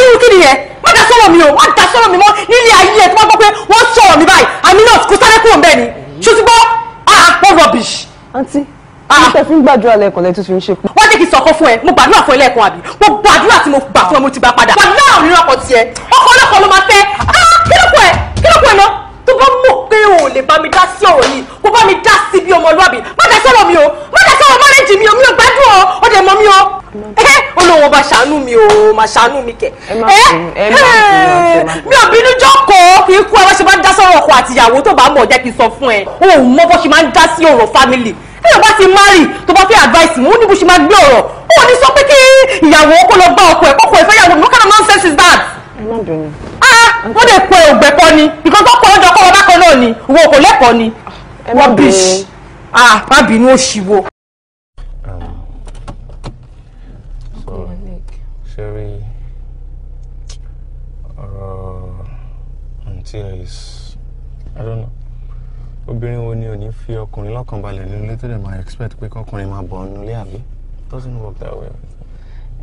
irú kí nìyẹn má dá sọ̀rọ̀ mi o má dá sọ̀rọ̀ mi mọ́ nílé ayé ẹ̀ tó bá gbọ́ pé wọ́n sọ̀rọ̀ mi báyìí àmì náà kò sáré kúrò ń bẹ́ẹ̀ ni ṣùgbọ́n àpò rubbish. aunty ní ah. tẹ̀sí ń gbàdúrà lẹ́ẹ̀kan lẹ́tún fi ń ṣe fún. wọ́n jẹ́ kí n sọ̀kọ́ fún ẹ mo gbàdúrà fún ẹ lẹ́ẹ̀kan àbí mo gbàdúrà tí mo gbà fún ẹ mo ti bá padà. wàá náà nínú ọkọ tiẹ ọkọ ọlọ́kọ ló máa fẹ́ ah, kí ló kọ ẹ kí ló kọ ẹ náà tó bá mọ̀ pé o ò lè bá mi dá sí ọ̀rọ̀ yìí kó bá mi dá sí bí ọmọlúwàbí má dá sọ̀rọ̀ mi o má dá sọ̀rọ̀ mọ́rẹ́jì mi o mi ò gbádùn ọ ó dẹ̀ mọ́ mi o olówó bá ṣàánú mi o má ṣàánú mi kẹ mi ò bínú jókòó kì í ẹ bá ṣe máa ń dá sọ̀rọ̀ ọkọ àtìyàwó tó bá mọ̀ jẹ́ kí n sọ fún ẹ o ò mọ ṣe máa ń dá sí ọ̀rọ̀ fámìlì bí o bá ti marry tó bá fẹ́ advice mi ó ní bó ṣe máa gbé ọ̀rọ̀ ó ní sọ pé kí ìyàwó kó lọ gbá ọkọ ẹ̀ kókò ẹ̀ fẹ́ what kind of nonsense is that. ah wọ́n lè pe ògbẹ́ kọ́ ni because tó kọ́ ọjọ́ kọ́ ọ bákan náà ni ìwọ kò lẹ́kọ̀ọ́ ni rubbish ah má bínú òṣìwò. Um, Sherry, ọ̀rọ̀ until is, I don't know obìnrin wo ni ò ní fi ọkùnrin lọ́kàn balẹ̀ nílé tó dẹ̀ máa expect pé kọkùnrin máa bọ̀ nílé àbí doesn't work that way.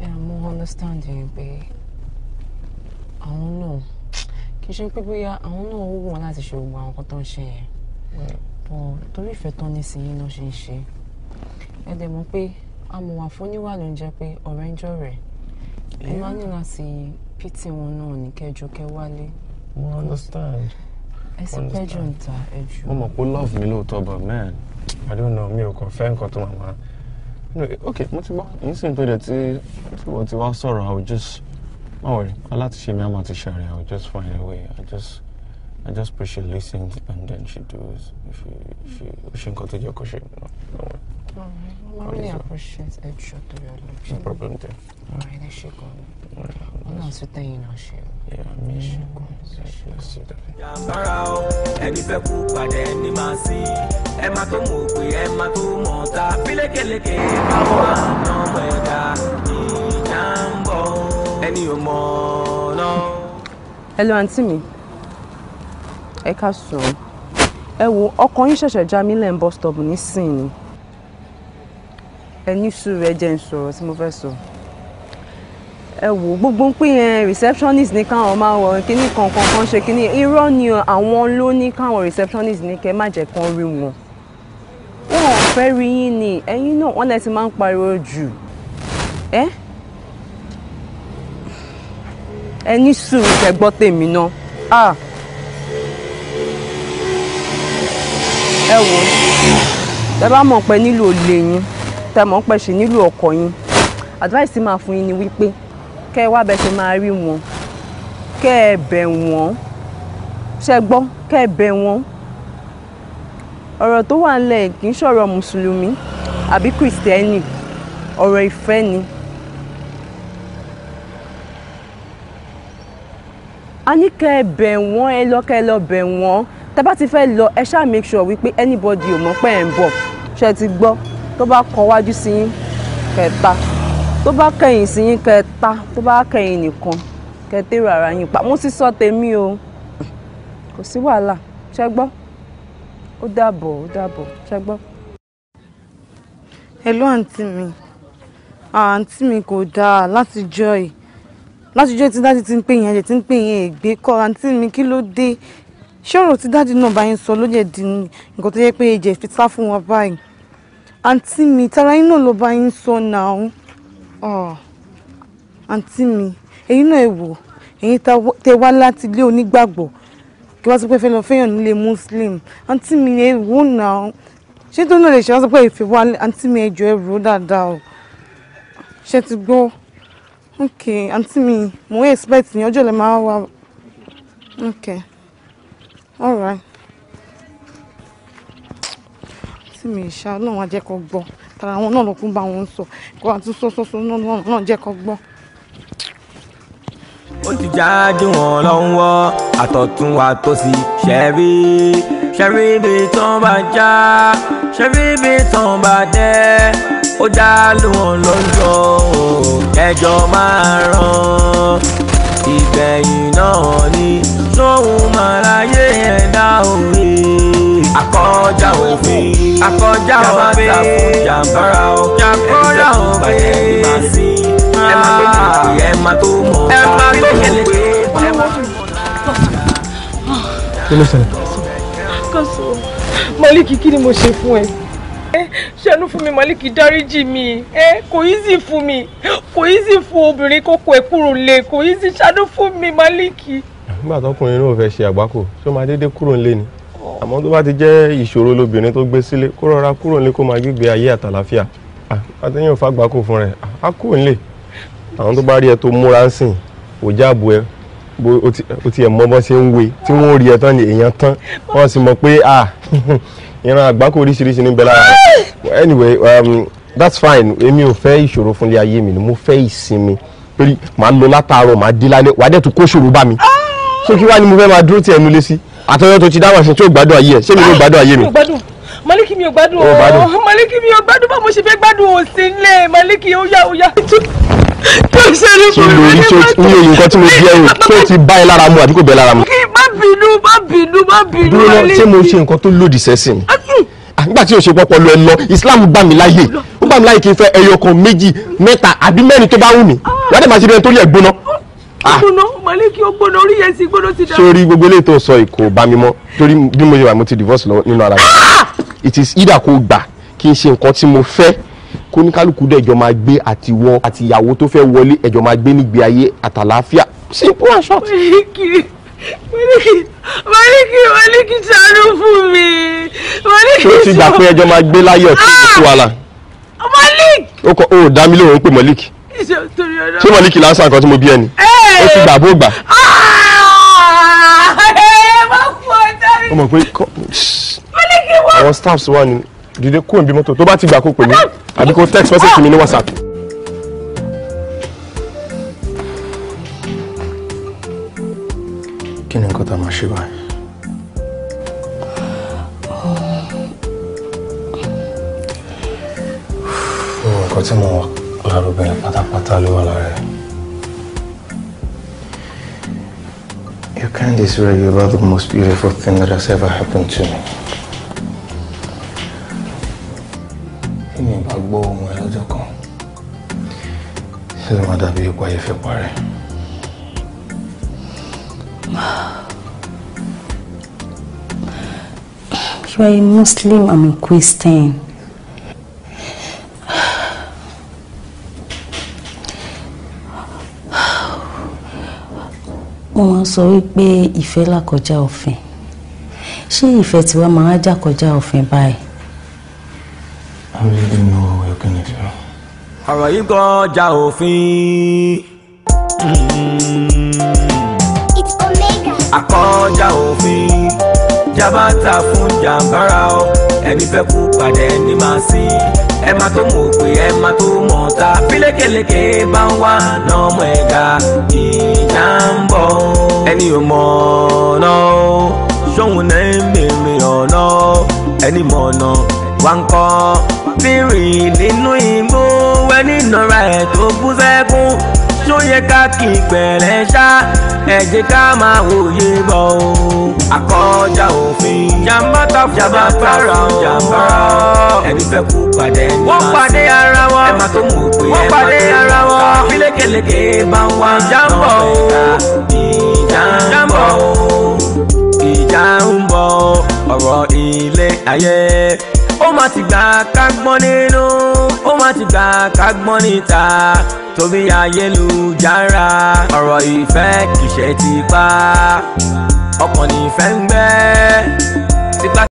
ẹ mo understand yín pé àwọn náà kì í ṣe pé bóyá àwọn náà wù wọn láti ṣe gbogbo àwọn nǹkan tó ń ṣe yẹn bọ̀ torí ìfẹ́ tán ní sí náà ṣe ń ṣe ẹ dẹ̀ mọ̀ pé amọ̀wà fún níwà ló ń jẹ́ pé ọ̀rẹ́ ń jọ̀rẹ́ ẹ máa ní láti pt wọn náà ní kẹjọ kẹ wálé. mo understand ẹ sì pẹ́jù ń ta ẹjù. mo mọ̀ pé love mi lóòótọ́ but man i don't know mi ò kàn fẹ́ nǹkan tó máa ma ok mo ti gbọ́ èyí sì ń tó dẹ̀ tí tí ti wá sọ̀rọ̀ i will just má wọ̀rí aláti ṣe mi á máa ti ṣàrẹ̀ i will just find a way i just i just pray she listens and then she does she she ṣe nǹkan tó jẹ́ kó ṣe no no worry. Mm-hmm. I really appreciate it, Shotoyo. No problem there. All right, I should go. I'm not sitting in a chair yàmbára fẹ́ kú padà ẹni máa sí ẹ má tó mọ̀ pé ẹ má tó mọ̀ ta pélékèlékè àwọn àna ọmọ ẹ̀dá ìjà ń bọ̀ ẹni ò mọ̀ ọ́nà. hello àǹtí mi ẹ ká sùn ẹ wo ọkọ yín ṣẹ̀ṣẹ̀ já mi lẹ́yìn bus stop nísìnyí ẹ ní sùúrù ẹ jẹ́ n sọ̀rọ̀ tí mo fẹ́ sọ. So ẹ wò gbogbo ń pín yẹn receptionist ní káwọn máa wọ kíní kankan kan ṣe kíní irọ́ ni àwọn ló ní káwọn receptionist ní kẹ́ má jẹ́ kán rí wọn wọn ò fẹ́ rí yín ni ẹ̀yin náà wọ́n lẹ ti máa ń pariwo jù ẹ ní sùúrù kẹ́ gbọ́ tèmi náà ẹ wò tẹ́ bá mọ̀ pé nílò olè yín tẹ́ mọ̀ pé ṣì nílò ọkọ yín advice tí máa fún yín ni wípé kẹ́ ẹ wá bẹ́ẹ̀ ṣe máa rí wọn kẹ́ ẹ bẹ̀ wọ́n ṣe gbọ́ kẹ́ ẹ bẹ̀ wọ́n ọ̀rọ̀ tó wà ńlẹ̀ kì í ṣọ̀rọ̀ mùsùlùmí àbí kìrìsìtẹ́nì ọ̀rọ̀ ìfẹ́ ni. a ní kẹ́ ẹ bẹ̀ wọ́n ẹ lọ kẹ́ ẹ lọ bẹ̀ wọ́n tá bá ti fẹ́ lọ ẹ ṣáà make sure wípé anybody ò mọ̀ pé ẹ̀ ń bọ̀ ṣe ti gbọ́ tó bá kọ wájú sí yín kẹta tó bá kẹ̀yìn sí yín kẹta tó bá kẹ̀yìn nìkan kẹtẹ́rù ara yín pa mo sì sọ tèmi o kò sí wàhálà ṣẹ gbọ́ ó dàbọ̀ ó dàbọ̀ ṣẹ gbọ́. hello àǹtí mi àǹtí mi kò dáa láti jọ́ ẹ̀ látijọ́ tí dájú ti ń pè yín ẹ̀jẹ̀ ti ń pè yín ègbé kọ́ àǹtí mi kí ló dé ṣé ọ̀rọ̀ tí dájú náà bá yín sọ ló jẹ́ di nǹkan tó yẹ pé ẹ̀jẹ̀ fi sá fún wọn báyìí àǹtí mi tara yín náà ló bá yín sọ náà. Oh, àǹtí mi ẹ̀yin náà ẹ wò ẹ̀yin tẹ wá láti ilé onígbàgbọ́ kí wọ́n sọ pé fẹ́ lọ fẹ́yàn nílé muslim àǹtí mi ẹ wò náà ṣé tó náà lè ṣe wọ́n sọ pé ìfẹ́ wá àǹtí mi ẹ jọ̀ọ́ ẹ rò dáadáa o ṣe ti gbọ́ ok àǹtí mi mò ń expect ní ọjọ́ lè máa wá ok all right àǹtí mi ṣá ọlọ́run á jẹ́ kó gbọ́ látara wọn náà ló fún bá wọn sọ kó àti sọ́sọ́sọ́ náà jẹ́ kó gbọ́n. ó ti jáde wọn lọ́wọ́ àtọ̀tún wa tó sì ṣẹ́rí ṣẹ́rí ibi tán bá já ṣẹ́rí ibi tán bá dẹ́ ó já lù lọ́jọ́ ẹjọ́ máa ràn ìgbẹ̀yìn náà ni sóhun màláyé ẹ̀dá òwe akọjá òfin akọjá òfin jàmbá fún jàmbára o jàmbára òfin ẹ má sí ẹ má tó mọ̀ ẹ má tó mọ̀ ẹ má tó mọ̀ ẹ má tó mọ̀. kí ló ṣẹlẹ̀. kọ́sọ̀ mọ́líkì kí ni mo ṣe fún ẹ ṣàánú fún mi mọ́líkì dáríjì mi ẹ kò easy fún mi kò easy fún obìnrin kókó ẹ kúrò lé kò easy ṣàánú fún mi mọ́líkì. nígbà tọkùnrin náà fẹ́ ṣe àgbákò ṣé ó máa dédé kúrò nílé ni àmọ́ tó bá ti jẹ́ ìṣòro lobìnrin tó gbé sílé kó rọra kúrò nílé kó máa gbígbé ayé àtàlàfíà àtẹ̀yìn òfàgbà kò fún rẹ̀ á kúrò nílé àwọn tó bá rí ẹ tó múra ń sìn kò jáàbò ẹ bó o tiẹ̀ mọ bó ṣe ń we tí wọ́n rí ẹ tán ni èèyàn tán wọ́n sì mọ̀ pé à ìran àgbákò oríṣiríṣi níbẹ̀ lára anyway um, that's fine èmi ò fẹ́ ìṣòro fúnlé ayé mi ni mo fẹ́ ìsinmi torí màá lọ látàárọ̀ màá dé lálẹ́ wàá dẹ̀ tún kó ṣòro bá mi so kí wàá ni mo fẹ́ máa dúró tí ẹnu lé sí àtọ́jọ́ tó ti dáwọ̀ sí tí ó gbádùn ayé ẹ̀ ṣé mi ló gbádùn ayé mi. Maliki mi ò gbádùn o Maliki mi ò gbádùn bá mo ṣe fẹ́ gbádùn o sí ilé Maliki ó yá ó yá. sọlọ yìí tó ní nǹkan tí mo bí ẹrù tó ti bá ẹ lára mu àbí kò bẹ lára mu. má bínú má bínú má bínú. dúró lọ ṣé mo ṣe nǹkan tó lòdì sẹ́sìn nígbà tí o ṣe pọpọ lọ ẹ lọ Islam gbà mí láyè ó gbà mí láyè kí n fẹ́ ẹyọ kan méjì mẹ́ta àbí mẹ́rin tó bá wù mí ah. wọ́n dẹ̀ máa ṣe bí ẹni tó yẹ gbóná Ah. gbóná mọ̀lẹ́ kí o gbóná orí yẹn sì gbóná ti dá. sórí gbogbo eléyìí tó sọ ìkò bá mi mọ́ torí bí mo ṣe wà mo ti divorce lọ nínú ara mi ah! it is either kó gbà kí n ṣe nǹkan tí mo fẹ́ kó ní kálukú dẹ̀ jọ máa gbé àti wọ àti ìyàwó tó fẹ́ wọlé ẹ̀jọ̀ máa gbé nígbé ayé àtàlàáfíà simple and short. mọ̀lẹ́ kí mọ̀lẹ́ kí mọ̀lẹ́ kí sànú fún mi mọ̀lẹ́ kí o ti gbà pé ẹjọ́ máa gbé láyọ̀ tí kú wa la. mọ̀lẹ́. ó dá mi lóhùn pé mọ̀lẹ́ kí ṣé mo ní kí lásán kan tí mo bí ẹni ó ti gbà bó gbà. ó mọ̀ pé àwọn staffs wà ní dìde kó ìbí mọ́tò tó bá ti gbà kó pè mí àbí kó text message mi ní whatsapp. kí ni nǹkan tá a máa ṣe báyìí. Um, nǹkan tí mo wà arúgbìn pátápátá ló wà lára ẹ̀. You can't dissuade you about the most beautiful thing that has ever happened to me. Èmi bá gbọ́ ohun ẹ lọ́jọ́ kan. Ṣé ló máa dàbí ipò ayé fẹ́ parẹ́? You are a Muslim, I'm a Christian. wọ́n máa ń sọ wípé ìfẹ́ làkọjá òfin ṣé ìfẹ́ tiwa máa ń jà kọjá òfin báyìí. I really know where can it go. ọ̀rọ̀ yìí kọjá òfin. It's Omega. àkọjá òfin jábàtà fún jàǹbára ọ ẹni fẹ́ kú pàdé ẹni máa sí ẹ má tó mọ̀ pé ẹ má tó ta pílékeleke bá ń wá lọ́mọ ẹ̀ka ìjà ń bọ̀. ẹni ò mọ̀ ọ̀nà ṣóun náà ń bèrè ọ̀nà ẹni mọ̀ ọ̀nà wá ń kọ́. bírìn nínú igbó ẹni nọra ẹ̀ tó bú sẹ́kún ṣó yẹ ká kí pẹ̀lẹ́ ṣá ẹ jẹ́ ká máa wòye bọ̀ o. àkọjá òfin jàmbá ta jàmbá para o jàmbá ẹni fẹ́ kú pàdé ẹni máa sọ. wọ́n pàdé ara wọn ẹ máa tó mọ̀ pé ẹ máa tó mọ̀ wọ́n pàdé ara wọn bí bá ń wá jàmbọ̀ o jàmbọ̀ o ìjà ń bọ̀ ọ̀rọ̀ ilé ayé ó mà ti gbà ká gbọ́n nínú ó mà ti gbà ká gbọ́n níta tóbi ayélujára ọ̀rọ̀ ìfẹ́ kìí ṣe tipa ọkàn nífẹ̀ẹ́ ń gbẹ́.